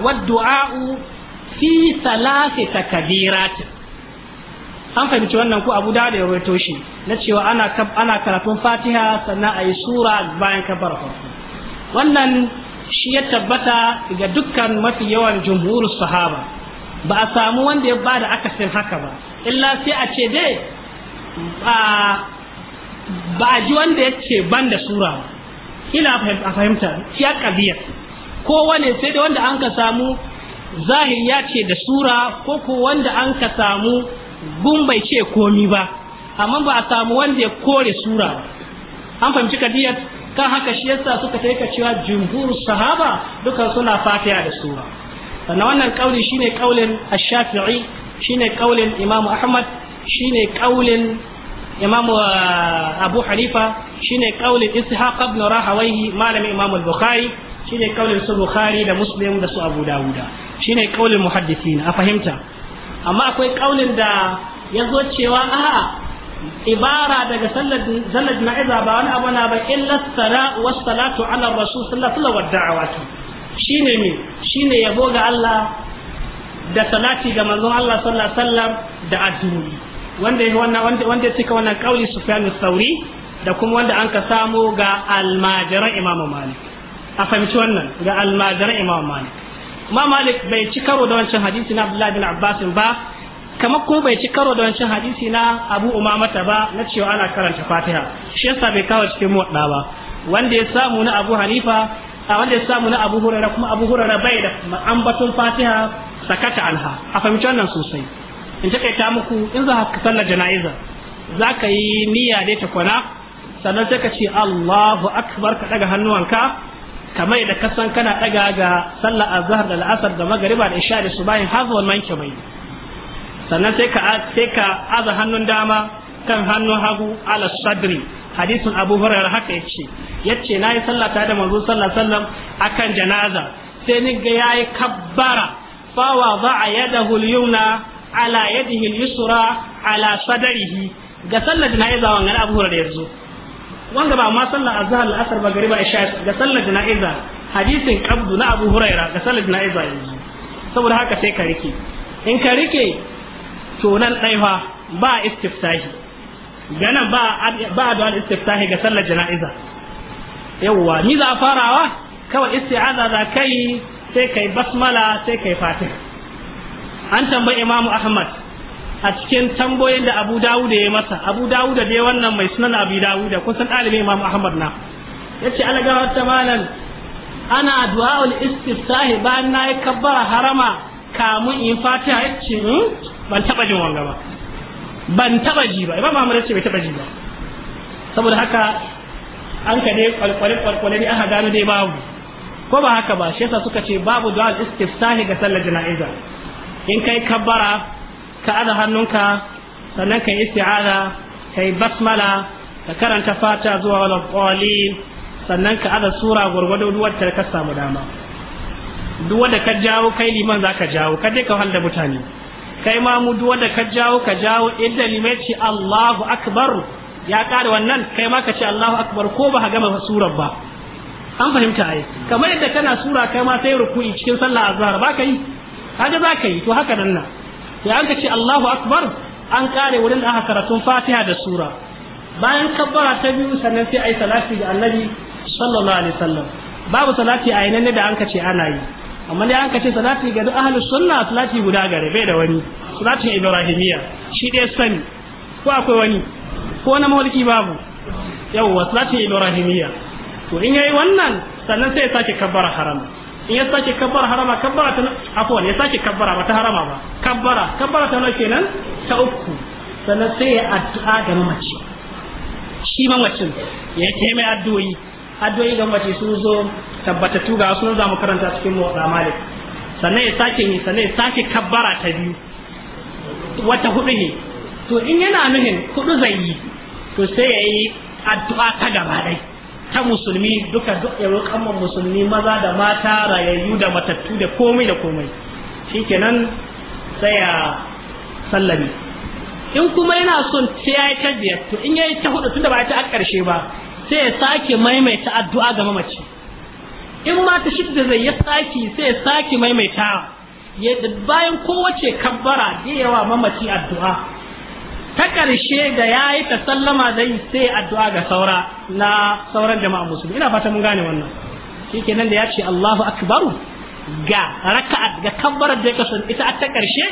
والدعاء في ثلاث تكبيرات an fahimci wannan ko abu da ya rawaito shi na cewa ana ana karatun fatiha sannan a yi sura bayan kabar farko wannan shi ya tabbata ga dukkan mafi yawan jumhur sahaba ba a samu wanda ya bada akasin haka ba illa sai a ce dai ba a ji wanda ya ce ban da sura ila a fahimta ya kabiya ko wane sai da wanda an ka samu zahir ya ce da sura ko ko wanda an ka samu gun bai ce komi ba amma ba a samu wanda ya kore sura an fahimci kadiyar kan haka shi yasa suka taika cewa jumhur sahaba dukan suna fatiha da sura sannan wannan kauli shine kaulin ash-shafi'i shine kaulin imamu ahmad shine kaulin imamu uh, abu hanifa shine kaulin ishaq ibn rahawayhi malami imam al-bukhari shine kaulin su bukhari da muslim da su abu dawuda shine kaulin muhaddisin a fahimta amma akwai kaulin da ya zo cewa a'a ibara daga sallar jana'iza ba wani abu na ba illa tsara wa salatu ala rasul da'awa alaihi shi ne shine shi ne yabo ga Allah da salati ga manzon Allah sallallahu alaihi da addu'o'i wanda ya wannan wanda wanda ya cika wannan kauli Sufyan sauri da kuma wanda an ka samu ga almajiran imamu Malik a fahimci wannan ga almajiran imamu Malik ma malik bai ci karo da wancan hadisi na abdullahi bin abbas ba kamar ko bai ci karo da wancan hadisi na abu umamata ba na cewa ana karanta fatiha shi yasa bai kawo cikin muwadda ba wanda ya samu na abu hanifa a wanda ya samu na abu hurara kuma abu hurara bai da ambaton fatiha sakata alha, a fahimci wannan sosai in takaita muku in za ka sallar jana'iza za ka yi niyya dai ta kwana sannan sai ka ce Allahu akbar ka daga hannuwanka kamar da kasan kana daga ga sallar azhar da al'asar da magariba da isha da subahin hazu wal manke mai sannan sai ka sai ka aza hannun dama kan hannun hagu ala sadri hadisin abu hurairah haka yace yace nayi sallah ta da manzo sallallahu alaihi wasallam akan janaza sai ni ga yayi kabbara fa wada'a yadahu al-yumna ala yadihi al-yusra ala sadrihi ga sallar nayi wannan abu hurairah yazo wanga ba ma sallar azhar al-asr ba gari ba isha ga sallar jana'iza hadisin qabdu na Abu Huraira ga sallar jana'iza yanzu saboda haka sai ka rike in ka rike to nan dai fa ba istiftahi ganan ba ba da istiftahi ga sallar jana'iza yawwa ni za farawa kawai isti'aza za kai sai kai basmala sai kai fatiha an tambayi Imam Ahmad a cikin tambayoyin da Abu Dawud ya masa Abu Dawud da wannan mai sunan Abi Dawud kusan dalibi Imam Ahmad na yace Allah ga wata malan ana du'aul istiftahi bayan na yi kabbara harama kamun in fatiha yace hmm, ban taba jin wanga ba ban taba ji ba Imam Ahmad yace bai taba ji ba saboda haka an ka dai kwalkwale kwalkwale ne aka gano dai babu ko ba haka ba shi yasa suka ce babu du'aul istiftahi ga sallar jana'iza in kai kabbara ka ada hannunka sannan ka yi isti'aza ka yi basmala ka karanta fata zuwa wani ƙwalin sannan ka ada sura gwargwado duwar ta ka samu dama duk wanda ka jawo kai liman za ka jawo ka dai ka da mutane kai ma mu duk wanda ka jawo ka jawo inda limai ce Allahu akbar ya ƙara wannan kai ma ka ce Allahu akbar ko ba ka gama surar ba an fahimta ai kamar yadda kana sura kai ma sai ruku'i cikin sallah azhar ba ka yi kaga za ka yi to haka nan nan sai an ce Allahu akbar an kare wurin da aka karatun Fatiha da sura bayan kabbara ta biyu sannan sai ayi salati ga Annabi sallallahu alaihi wasallam babu salati a yanan da anka ce ana yi amma dai an ce salati ga duk ahlus sunna salati guda gare bai da wani salatin ibrahimiyya shi dai sani ko akwai wani ko na mauliki babu yau yawwa salatin ibrahimiyya to in yayi wannan sannan sai sake kabbara haram in ya sake kabbara harama kabbara ta afwan ya sake kabbara ba ta harama ba kabbara kabbara ta nawa kenan ta uku sannan sai ya addu'a ga mamaci shi mamacin ya yi mai addu'o'i addu'o'i ga mamaci sun zo tabbatattu ga sunan zamu karanta cikin motsa malik sannan ya sake yi sannan ya sake kabbara ta biyu wata hudu ne to in yana nuhin hudu zai yi to sai ya yi addu'a ta gaba ɗaya ta musulmi duka duk kamar musulmi maza da mata rayayyu da matattu da komai da komai shikenan sai ya sallami in kuma yana son sai ya yi ta biyar to in ya yi ta hudu da ba ta a karshe ba sai ya sake maimaita addu'a ga mamaci in ma ta shidda zai ya sake sai ya sake maimaita bayan kowace kabbara da yawa mamaci addu'a ta ƙarshe da ya yi ta sallama zai sai addu'a ga saura na sauran jama'a musulmi ina fata mun gane wannan shi kenan da ya ce Allahu akbaru ga raka'a ga kabbarar da ya kasu ita a ta ƙarshe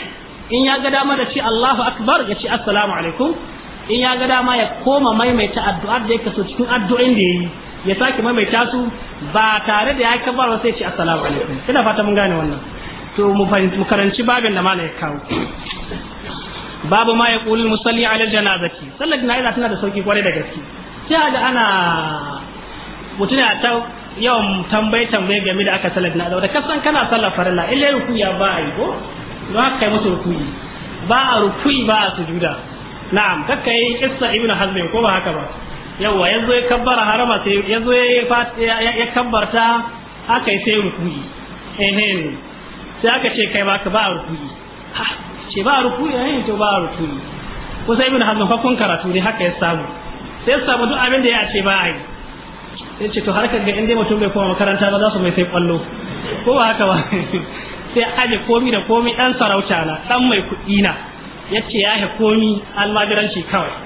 in ya ga dama da ce Allahu akbar ya ce assalamu alaikum in ya ga dama ya koma maimaita addu'ar da ya kasu cikin addu'in da ya yi ya sake maimaita su ba tare da ya kabbar sai ce assalamu alaikum ina fata mun gane wannan to mu karanci babin da malam ya kawo babu ma ya qulul musalli ala janazati sallar jana'iza tana da sauki kwarai da gaske sai ga ana mutuna ta yawan tambaye tambaye game da aka sallar jana'iza da kasan kana sallar farilla illa ruku ya ba ai ko don haka kai musu rukuyi ba a rukuyi ba a sujuda na'am kakka yi kissa ibnu hazmi ko ba haka ba yawa yanzu ya kabbara harama sai yanzu ya kabbarta aka yi sai rukuyi ehem sai aka ce kai ba ka ba rukuyi ce ba ya yin to ba ruku'i kusa ibn hazm fa kun karatu ne haka ya samu sai ya samu duk abin da ya ce ba ai sai ce to har ka ga inda mutum bai koma makaranta ba za su mai sai kwallo ko ba haka ba sai aje komi da komi dan sarauta na dan mai kuɗi na yace ya komi almajiranci kawai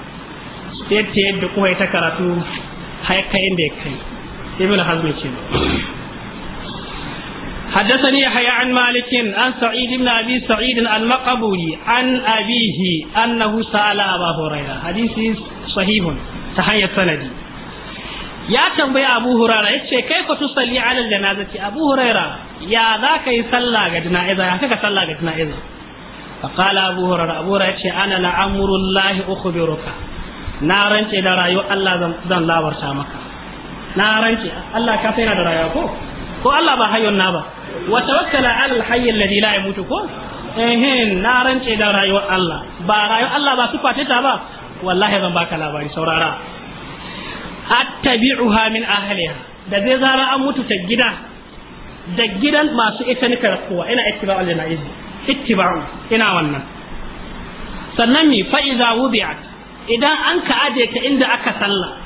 sai ta yadda kuma ya ta karatu har kai inda ya kai ibn hazm ce حدثني يحيى عن مالك عن سعيد بن ابي سعيد المقبولي عن ابيه انه سال ابا هريره حديث صحيح تحية سندي ya tambayi abu huraira ya ce kai ku tusalli ala janazati abu huraira ya za ka yi sallah ga jana'iza ya kaka sallah ga jana'iza fa qala abu ana la amrullahi ukhbiruka na rance da rayuwar Allah zan labarta maka na Allah ko Allah ba hayyun na ba wa tawakkala ala al-hayy alladhi la yamutu ko eh na rance da rayuwar Allah ba rayuwar Allah ba sifa ta ba wallahi zan baka labari saurara attabi'uha min ahliha da zai zara an mutu ta gida da gidan masu ita nika rakuwa ina ittiba'u al-jana'iz ittiba'u ina wannan sannan mi fa iza wubi'at idan an ka aje ta inda aka sallah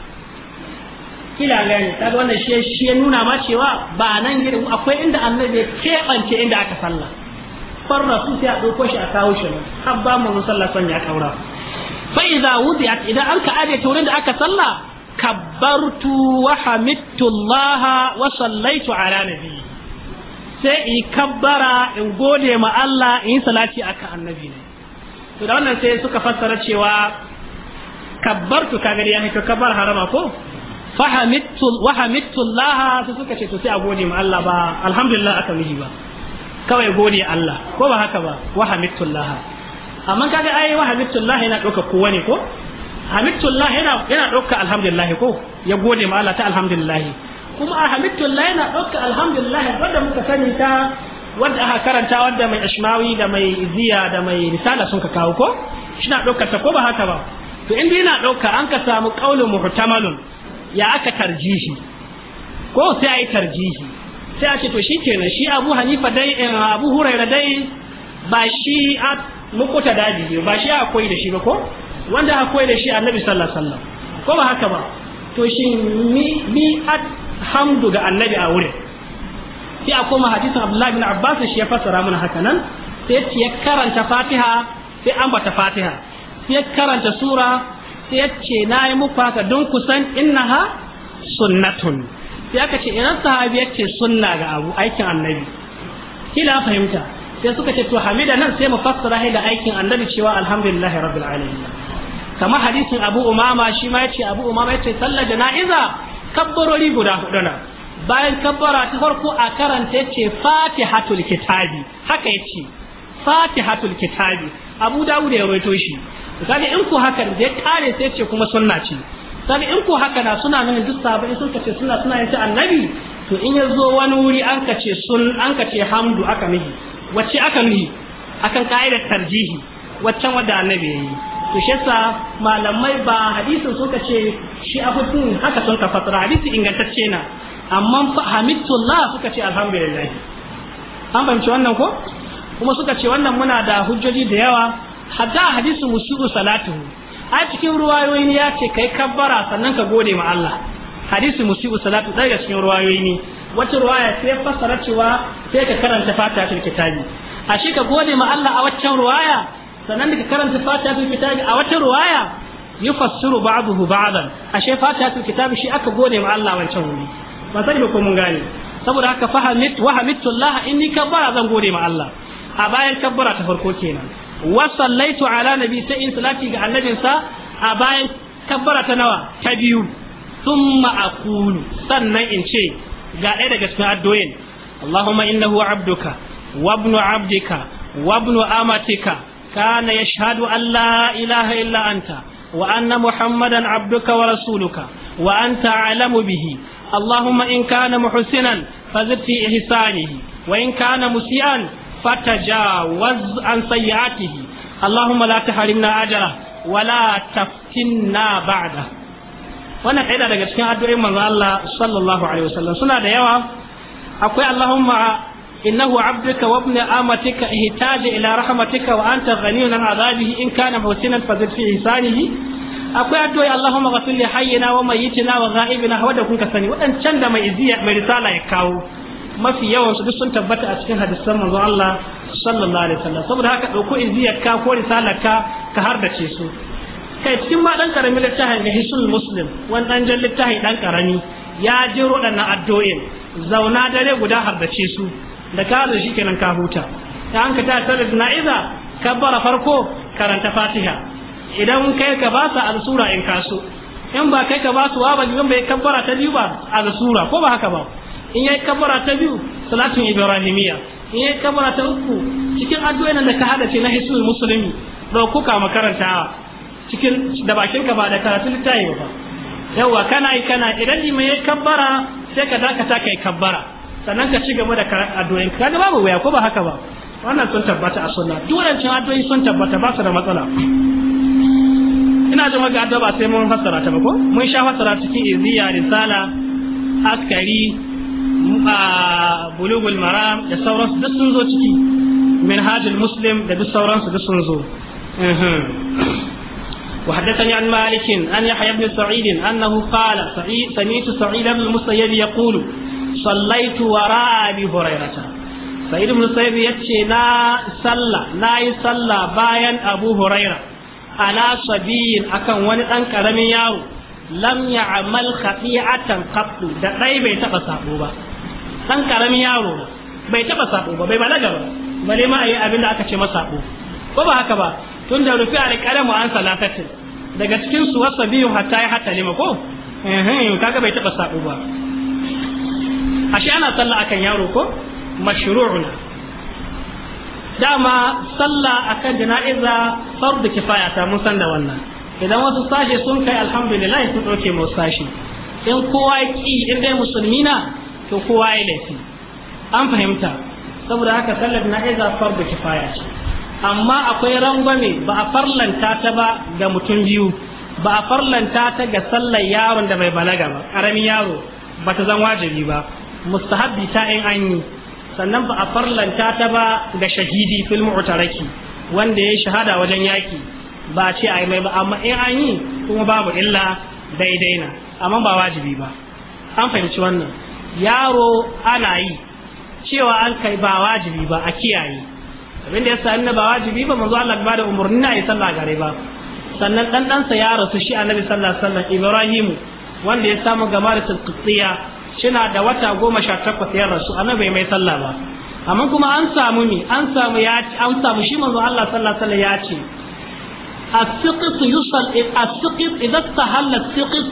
kila gani kaga wannan shi ya nuna ma cewa ba nan gidan akwai inda annabi ya keɓance inda aka sallah farra su sai a ɗauko shi a kawo shi nan har ba mu sallah son ya kaura fa idza wudi'at idan an ka aje wurin da aka sallah kabbartu wa hamidtu Allah wa sallaitu ala nabi sai in kabbara in gode ma Allah in yi salati akan annabi ne to da wannan sai suka fassara cewa kabbartu kaga ya hito kabbar harama ko fahamittu Allah su suka ce to sai a gode ma Allah ba alhamdulillah aka miji ba kawai gode Allah ko ba haka ba wahamittu Allah amma kaga ai wahamittu Allah yana dauka kowa ne ko hamittu yana yana dauka alhamdulillah ko ya gode ma Allah ta alhamdulillah kuma hamittu Allah yana dauka alhamdulillah wanda muka sani ta wanda aka karanta wanda mai ashmawi da mai ziya da mai risala sun ka kawo ko shi na daukar ta ko ba haka ba to in dai yana dauka an ka samu qaulun muhtamalun ya aka tarjihi ko sai a yi tarjihi sai a ce to shi kenan shi abu hanifa dai eh, abu huraira dai ba shi a mukuta daji ba shi akwai da shi ba ko wanda akwai da shi annabi sallallahu alaihi wasallam ko ba haka ba to shi ni at hamdu ga annabi a wurin sai a koma hadisin abdullahi bin abbas shi ya fassara mana haka nan sai ya karanta fatiha sai an bata fatiha sai ya karanta sura sai yace na yi muku haka don ku san innaha sunnatun sai aka ce idan sahabi yace sunna ga abu aikin annabi kila fahimta sai suka ce to hamida nan sai mu fassara da aikin annabi cewa alhamdulillah rabbil alamin kamar hadisin abu umama shi ma yace abu umama yace sallar jana'iza kabbarori guda hudu na bayan kabbara ta farko a karanta ce fatihatul kitabi haka yace fatihatul kitabi abu dawud ya rawaito shi misali in ku haka da ya kare sai ce kuma sunna ce misali in ku haka na suna nuna duk sabai sun ce suna suna yin ta annabi to in ya zo wani wuri an ce sun an ce hamdu aka mihi wacce aka mihi akan ka'idar tarjihi waccan wadda annabi yayi to shi yasa malamai ba hadisin suka ce shi a hukun haka sun ka fasara hadisi ingantacce na amma fa hamidullah suka ce alhamdulillah an fahimci wannan ko kuma suka ce wannan muna da hujjoji da yawa hatta hadisu musu'u salatuhu a cikin ruwayoyin ya ce kai kabbara sannan ka gode ma Allah hadisi musibu salatu ɗaya cikin ruwayoyi ne wata ruwaya sai fassara cewa sai ka karanta fatihatul kitabi a shi ka gode ma Allah a waccan ruwaya sannan da ka karanta fatihatul kitabi a wata ruwaya yufassiru ba'dahu ba'dan ashe fatihatul kitabi shi aka gode ma Allah wancan wuri ba sai ba ko mun gane saboda haka fahamit wa hamidtullah inni kabbara zan gode ma Allah a bayan kabbara ta farko kenan wa ala nabi sai in salati ga annabinsa a bayan kabbara ta nawa ta biyu thumma aqulu sannan in ce ga ɗaya daga cikin addu'o'in Allahumma innahu abduka wa ibnu abdika wa ibnu amatika kana yashhadu an la ilaha illa anta wa anna muhammadan abduka wa rasuluka wa anta a'lamu bihi Allahumma in kana muhsinan fazid fi ihsanihi wa in kana musian fatajawaz an sayyi'atihi Allahumma la tahrimna ajra wala taftinna ba'da wannan kaida daga cikin addu'o'in manzo Allah sallallahu alaihi wasallam suna da yawa akwai Allahumma innahu 'abduka wa ibnu amatika ihtaja ila rahmatika wa anta ghaniyun 'an 'adabihi in kana muhsinan fazid fi ihsanihi akwai addu'o'i Allahumma ghfir li hayyina wa mayyitina wa gha'ibina wa da kun ka sani wadancan da mai iziya mai risala ya kawo mafi yawan su duk sun tabbata a cikin hadisan manzon Allah sallallahu alaihi wasallam saboda haka dauko iziyarka ko risalarka ka da su kai cikin ma dan karamin littafin ga hisul muslim wani dan jan littafin dan karami ya je waɗannan addu'in zauna dare guda da su da ka zo shikenan ka huta ta hanka ta salat na'iza kabbara farko karanta fatiha idan kai ka ba sa al-sura in kaso in ba kai ka ba su wa ba bai kabbara ta biyu ba al-sura ko ba haka ba in yayi kabara ta biyu salatun ibrahimiyya in yayi kabara ta uku cikin addu'o'in da ka hada ce na hisul muslimi ɗaukuka makarantawa cikin da bakin ka ba da karatu littafi ba yawa kana yi kana idan liman ya kabbara sai ka dakata kai kabbara sannan ka ci gaba da addu'o'in ka ga babu waya ko ba haka ba wannan sun tabbata a sunna duk wadancan addu'o'i sun tabbata ba su da matsala ina jin ga addu'a ba sai mun fassara ta ba ko mun sha fassara cikin iziya risala askari bulugul maram da sauransu duk sun zo ciki minhajul muslim da duk sauransu duk sun zo وحدثني عن مالك أن يحيى بن سعيد أنه قال سعيد سمعت سعيد بن المسيب يقول صليت وراء أبي هريرة سعيد بن المسيب يتشي نا صلى نا يصلى باين أبو هريرة على صبي أكن وني كرمي يارو lam ya amal khati'atan qattu da dai bai taba sabo ba dan karamin yaro bai taba sabo ba bai balaga ba bale ma ayi abin da aka ce masa sabo ko ba haka ba tun da rufi al qalamu an salatati daga cikin su wasa biyu hatta ya hatta lima ko eh kaga bai taba sabo ba ashe ana sallah akan yaro ko mashru'un dama sallah akan jana'iza fard kifaya ta mun san da wannan idan wasu sashe sun kai alhamdulillah sun dauke mu sashi in kowa ki in dai musulmi na to kowa ya laifi an fahimta saboda haka sallar na jana'iza fardu kifaya ce amma akwai rangwame ba a farlanta ta ba ga mutum biyu ba a farlanta ta ga sallar yaron da bai balaga ba karamin yaro ba ta zan wajibi ba mustahabbi ta in an yi sannan ba a farlanta ta ba ga shahidi fil mu'taraki wanda ya shahada wajen yaki ba ce a yi mai ba amma in an yi kuma babu illa daidai na amma ba wajibi ba an fahimci wannan yaro ana yi cewa an kai ba wajibi ba a kiyaye abin da yasa annabi ba wajibi ba manzo Allah ba da umurni na yi sallah gare ba sannan dan ɗansa ya rasu shi annabi sallallahu alaihi wasallam Ibrahimu wanda ya samu gama da tilqiya shina da wata goma sha takwas ya rasu annabi mai sallah ba amma kuma an samu ni an samu ya an samu shi manzo Allah sallallahu alaihi wasallam ya ce as-siqit yusal as-siqit idza tahalla as-siqit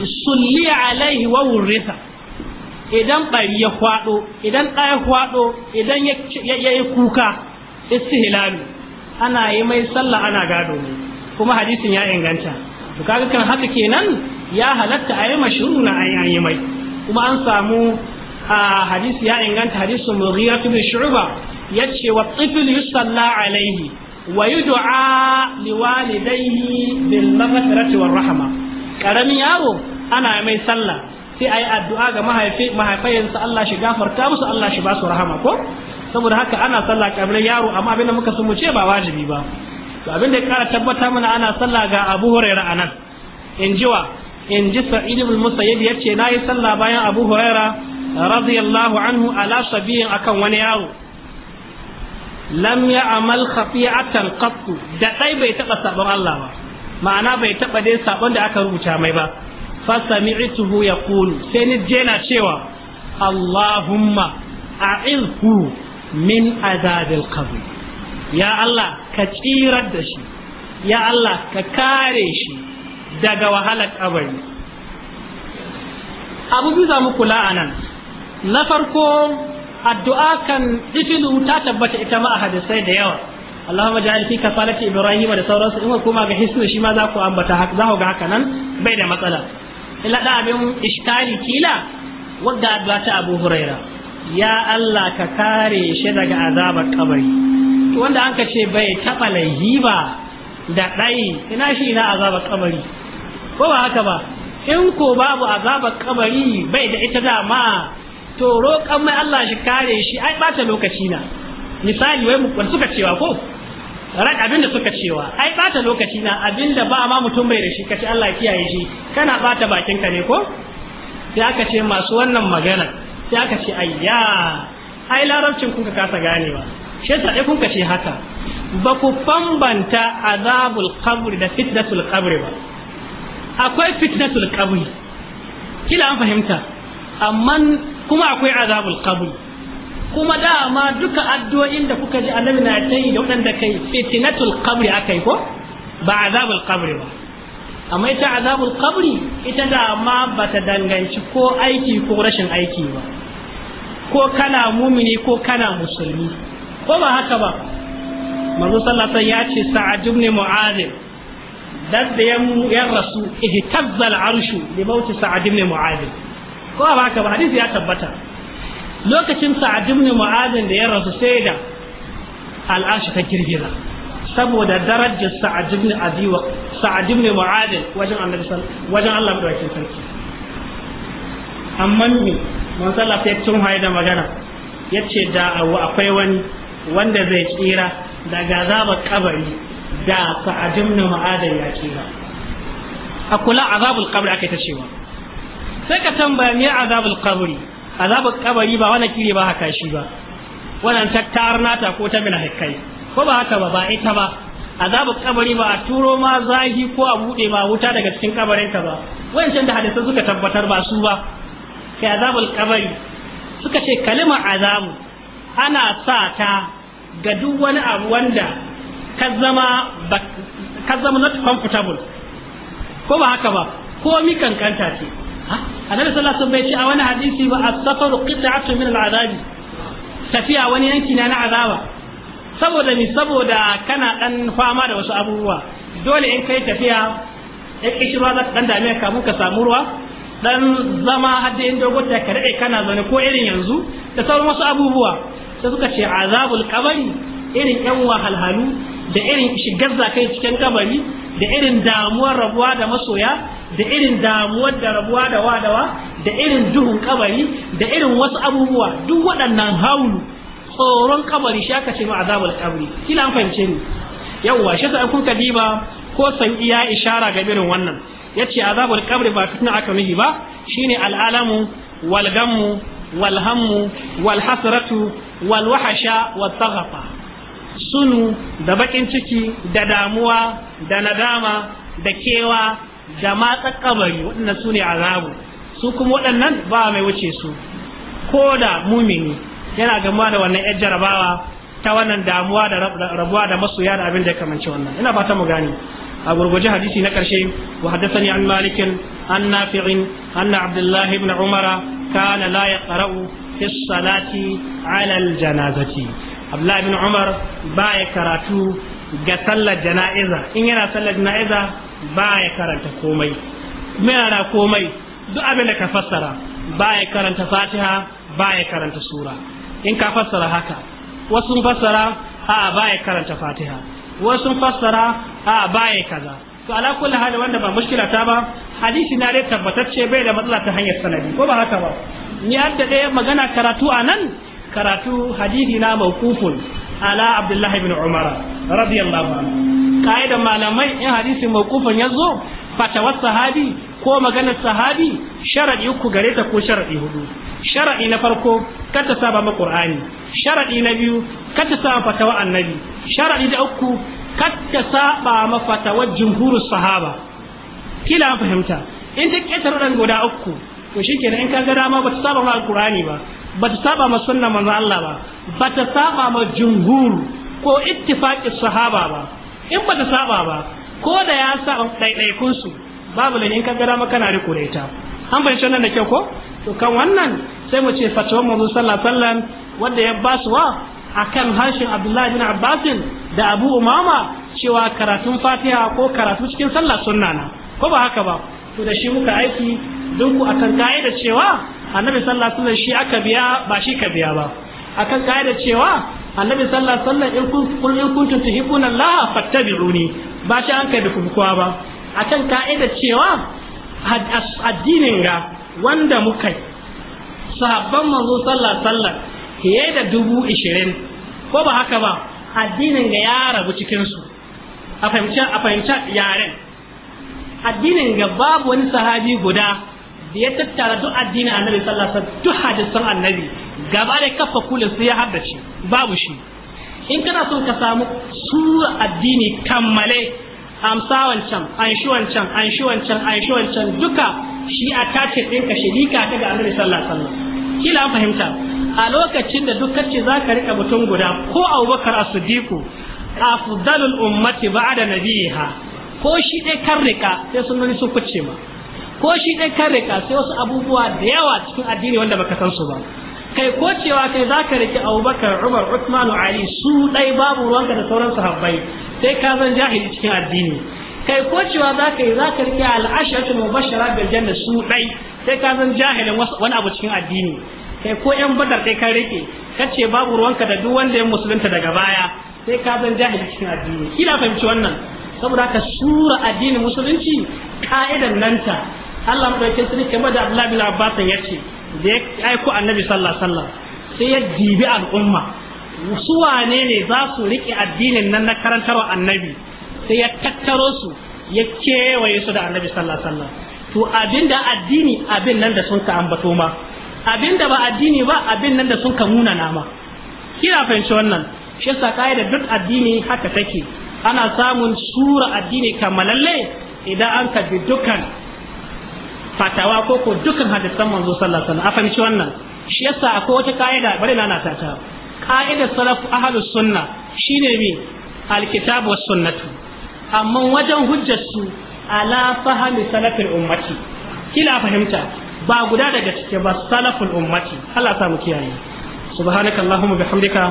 sulli alaihi wa wurritha idan ɓari ya kwaɗo idan ɗaya kwaɗo idan ya yi kuka istihlalu ana yi mai sallah ana gado ne kuma hadisin ya inganta to kaga kan haka kenan ya halatta a yi mashuru na an yi mai kuma an samu a hadisi ya inganta hadisin mughira ibn Ya yace wa tifil yusalla alaihi wa yud'a liwalidayhi bil maghfirati war rahma karamin yaro ana mai sallah sai a yi addu'a ga mahaifi mahaifayensa Allah shi gafarta musu Allah shi ba su rahama ko saboda haka ana sallah kabilar yaro amma abinda muka sun mu ce ba wajibi ba to abin da ya kara tabbata mana ana sallah ga Abu Huraira anan in jiwa in ji Sa'id ibn Musayyib yace yi sallah bayan Abu Huraira radiyallahu anhu ala sabiyin akan wani yaro lam amal khafi'atan qattu da dai bai taba sabon Allah ba ma'ana bai taba dai sabon da aka rubuta mai ba fasami'tuhu yaqulu sai ni je na cewa Allahumma a'izhu min azabil qabr ya Allah ka tsirar da shi ya Allah ka kare shi daga wahalar kabari abu biyu za mu kula a nan na farko addu'a kan ifilu ta tabbata ita ma a hadisai da yawa Allahumma ja'al fi kafalati Ibrahim da sauransu in kuma ga hisnu shi ma za ku ambata za ku ga haka nan bai da matsala illa abin iskali kila wadda addu'a ta Abu Huraira ya Allah ka kare shi daga azabar kabari wanda an ka ce bai taɓa laihi ba da ɗai ina shi ina azabar kabari ko ba haka ba in ko babu azabar kabari bai da ita dama to roƙon mai Allah shi kare shi ai ɓata lokaci na misali wai mu suka cewa ko rad abin da suka cewa ai bata lokaci na abin da ba ma mutum bai da shi kace Allah kiyaye shi kana bata bakin ka ne ko sai aka ce masu wannan magana sai aka ce ayya ai larabcin kuka kasa ganewa shi yasa dai kuka ce haka ba ku bambanta azabul qabr da fitnatul qabr ba akwai fitnatul qabr kila an fahimta amma kuma akwai azabul qabr kuma dama duka addu'o'in da kuka ji annabi na tayi da waɗanda kai fitnatul qabri akai ko ba azabul qabri ba amma ita azabul qabri ita dama ta danganci ko aiki ko rashin aiki ba ko kana mumini ko kana musulmi ko ba haka ba manzo sallallahu ya ce sa'ad ibn mu'adh dan da ya rasu ihtazzal arshu li mauti sa'ad ibn mu'adh ko ba haka ba hadisi ya tabbata lokacin sa'ad mu'adin da ya rasu sai da al'ashi ta girgiza saboda darajar sa'ad ibn abi wa wajen annabi sallallahu wajen Allah madaukakin sarki amma ni mun sallah sai tun haye da magana yace da akwai wani wanda zai tsira daga azabar kabari da sa'ad mu'adin ya tsira a kula azabul qabri aka ta cewa sai ka tambaya me azabul qabri azabar kabari ba wani kire ba haka shi ba wannan tattar nata ko ta mina hakkai ko ba haka ba ba ita ba azabu kabari ba a turo ma zahi ko a bude ma wuta daga cikin kabarin ka ba wancan da hadisa suka tabbatar ba su ba kai azabu kabari suka ce kalimar azabu ana sa ta ga duk wani abu wanda ka zama ka zama not comfortable ko ba haka ba ko mi kankanta ce annabi sallallahu alaihi wasallam bai ce a wani hadisi ba as-safaru qit'atun min al-azab tafiya wani yanki na na azaba saboda ni saboda kana dan fama da wasu abubuwa dole in kai tafiya ya kishi ruwa za ka dan dame ka ka samu ruwa dan zama hadda in dogo ta ka dade kana zaune ko irin yanzu da sauran wasu abubuwa sai suka ce azabul qabri irin yan wahalhalu da irin shigar zakai cikin kabari da irin damuwar rabuwa da masoya da irin damuwar da rabuwa da wadawa da irin duhun kabari da irin wasu abubuwa duk waɗannan haulu tsoron kabari sha aka ce ma azabar kabari. kila an fahimce ni yawwa shi sai kun kadiba ko san iya ishara ga irin wannan yace azabar kabari ba fitina aka nuhi ba shine al'alamu wal gammu wal hammu wal hasratu wal wahasha wat taghafa sunu da bakin ciki da damuwa da nadama da kewa da matsar kabari waɗannan su ne azabu su kuma waɗannan ba mai wuce su ko da mumini yana gamuwa da wannan yar jarabawa ta wannan damuwa da rabuwa da masoya da abin da ya kamanci wannan ina fata mu gani a gurguje hadisi na karshe wa haddathani an malik an nafi'in na Abdullahi ibn umara kana la yaqra'u fi salati ala janazati Abdullahi ibn umar baya karatu ga sallar jana'iza in yana sallar jana'iza ba ya karanta komai kuma komai duk abin da ka fassara ba ya karanta fatiha ba ya karanta sura in ka fassara haka wasu fassara a ba ya karanta fatiha wasu fassara a ba ya kaza to ala kulli hali wanda ba mushkila ta ba hadisi na dai tabbatacce bai da matsala ta hanyar sanadi ko ba haka ba ni hadda dai magana karatu a nan karatu hadisi na mawqufun ala abdullahi ibn umara radiyallahu anhu ka'idar malamai in hadisi mawqufan yazo fatawar sahabi ko maganar sahabi Sharaɗi uku gare ta ko sharadi hudu sharadi na farko kar ta saba ma qur'ani sharadi na biyu kar ta saba fatawa annabi sharadi da uku kar ta saba ma fatawar jumhurus sahaba kila fahimta in ta ketare dan guda uku to shikenan in ka ga dama ba ta saba ma alqur'ani ba ba ta saba ma sunna manzo Allah ba ba ta saba ma jumhur ko ittifaƙin sahaba ba in ba ta saba ba ko da ya sa ɗaiɗaikun su babu da in ka gara maka na riko da ita an bai nan da kyau ko to kan wannan sai mu ce fatuwar mu sallallahu alaihi wanda ya wa akan harshen Abdullahi bin Abbasin da Abu Umama cewa karatun Fatiha ko karatu cikin sallah sunna na ko ba haka ba to da shi muka aiki duk akan da cewa Annabi sallallahu alaihi wasallam shi aka biya ba shi ka biya ba akan da cewa annabi sallallahu alaihi wasallam in kun kul in kuntum tuhibbuna Allah fattabi'uni ba shi an kai da kuwa ba akan ka'ida cewa addinin ga wanda muka sahabban manzo sallallahu alaihi wasallam fiye da dubu ishirin ko ba haka ba addinin ga ya rabu cikin su a fahimci a fahimci yaren addinin ga babu wani sahabi guda da ya tattara duk addinin annabi sallallahu alaihi wasallam duk hadisan annabi gaba da kafa kulin sai ya haddace babu shi in kana son ka samu sura addini kammale amsa wancan an shi wancan an shi wancan an shi wancan duka shi a tace ɗinka shirika ta ga annabi sallallahu alaihi wasallam kila fahimta a lokacin da duk kace zaka rika mutum guda ko Abubakar as siddiqu afdalul ummati ba'da nabiha ko shi dai kan rika sai sun gani sun kuce ma ko shi ɗan kan rika sai wasu abubuwa da yawa cikin addini wanda baka san su ba kai ko cewa kai za ka riki abubakar umar usman ali su ɗai babu ruwanka da sauran sahabbai sai ka zan jahili cikin addini kai ko cewa za ka yi za ka riki al'ashatu mubashara bil janna su ɗai sai ka zan jahilin wani abu cikin addini kai ko yan badar kai ka rike ce babu ruwanka da duk wanda ya musulunta daga baya sai ka zan jahili cikin addini kina fahimci wannan saboda haka sura addinin musulunci ka'idan nanta Allah madaukin sarki kamar da Abdullahi bin Abbas ya ce da ya aiko Annabi sallallahu alaihi wasallam sai ya dibi al'umma su wane ne za su rike addinin nan na karantarwa Annabi sai ya tattaro su ya kewaye su da Annabi sallallahu alaihi wasallam to abinda addini abin nan da sun ka ambato ma abinda ba addini ba abin nan da sun ka muna nama kina fahimci wannan shi yasa da duk addini haka take ana samun sura addini kammalalle idan an ka bi dukkan fatawa ko ko dukkan hadisan manzo sallallahu alaihi wasallam a fahimci wannan shi yasa akwai wata ka'ida bari na na tata ka'idar salaf ahlu sunna shine me alkitab was sunnatu amma wajen hujjar su ala fahmi salafil ummati kila fahimta ba guda daga cike ba salaful ummati Allah ya samu kiyaye subhanakallahumma bihamdika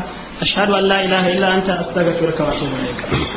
ashhadu an la ilaha illa anta astaghfiruka wa atubu ilaik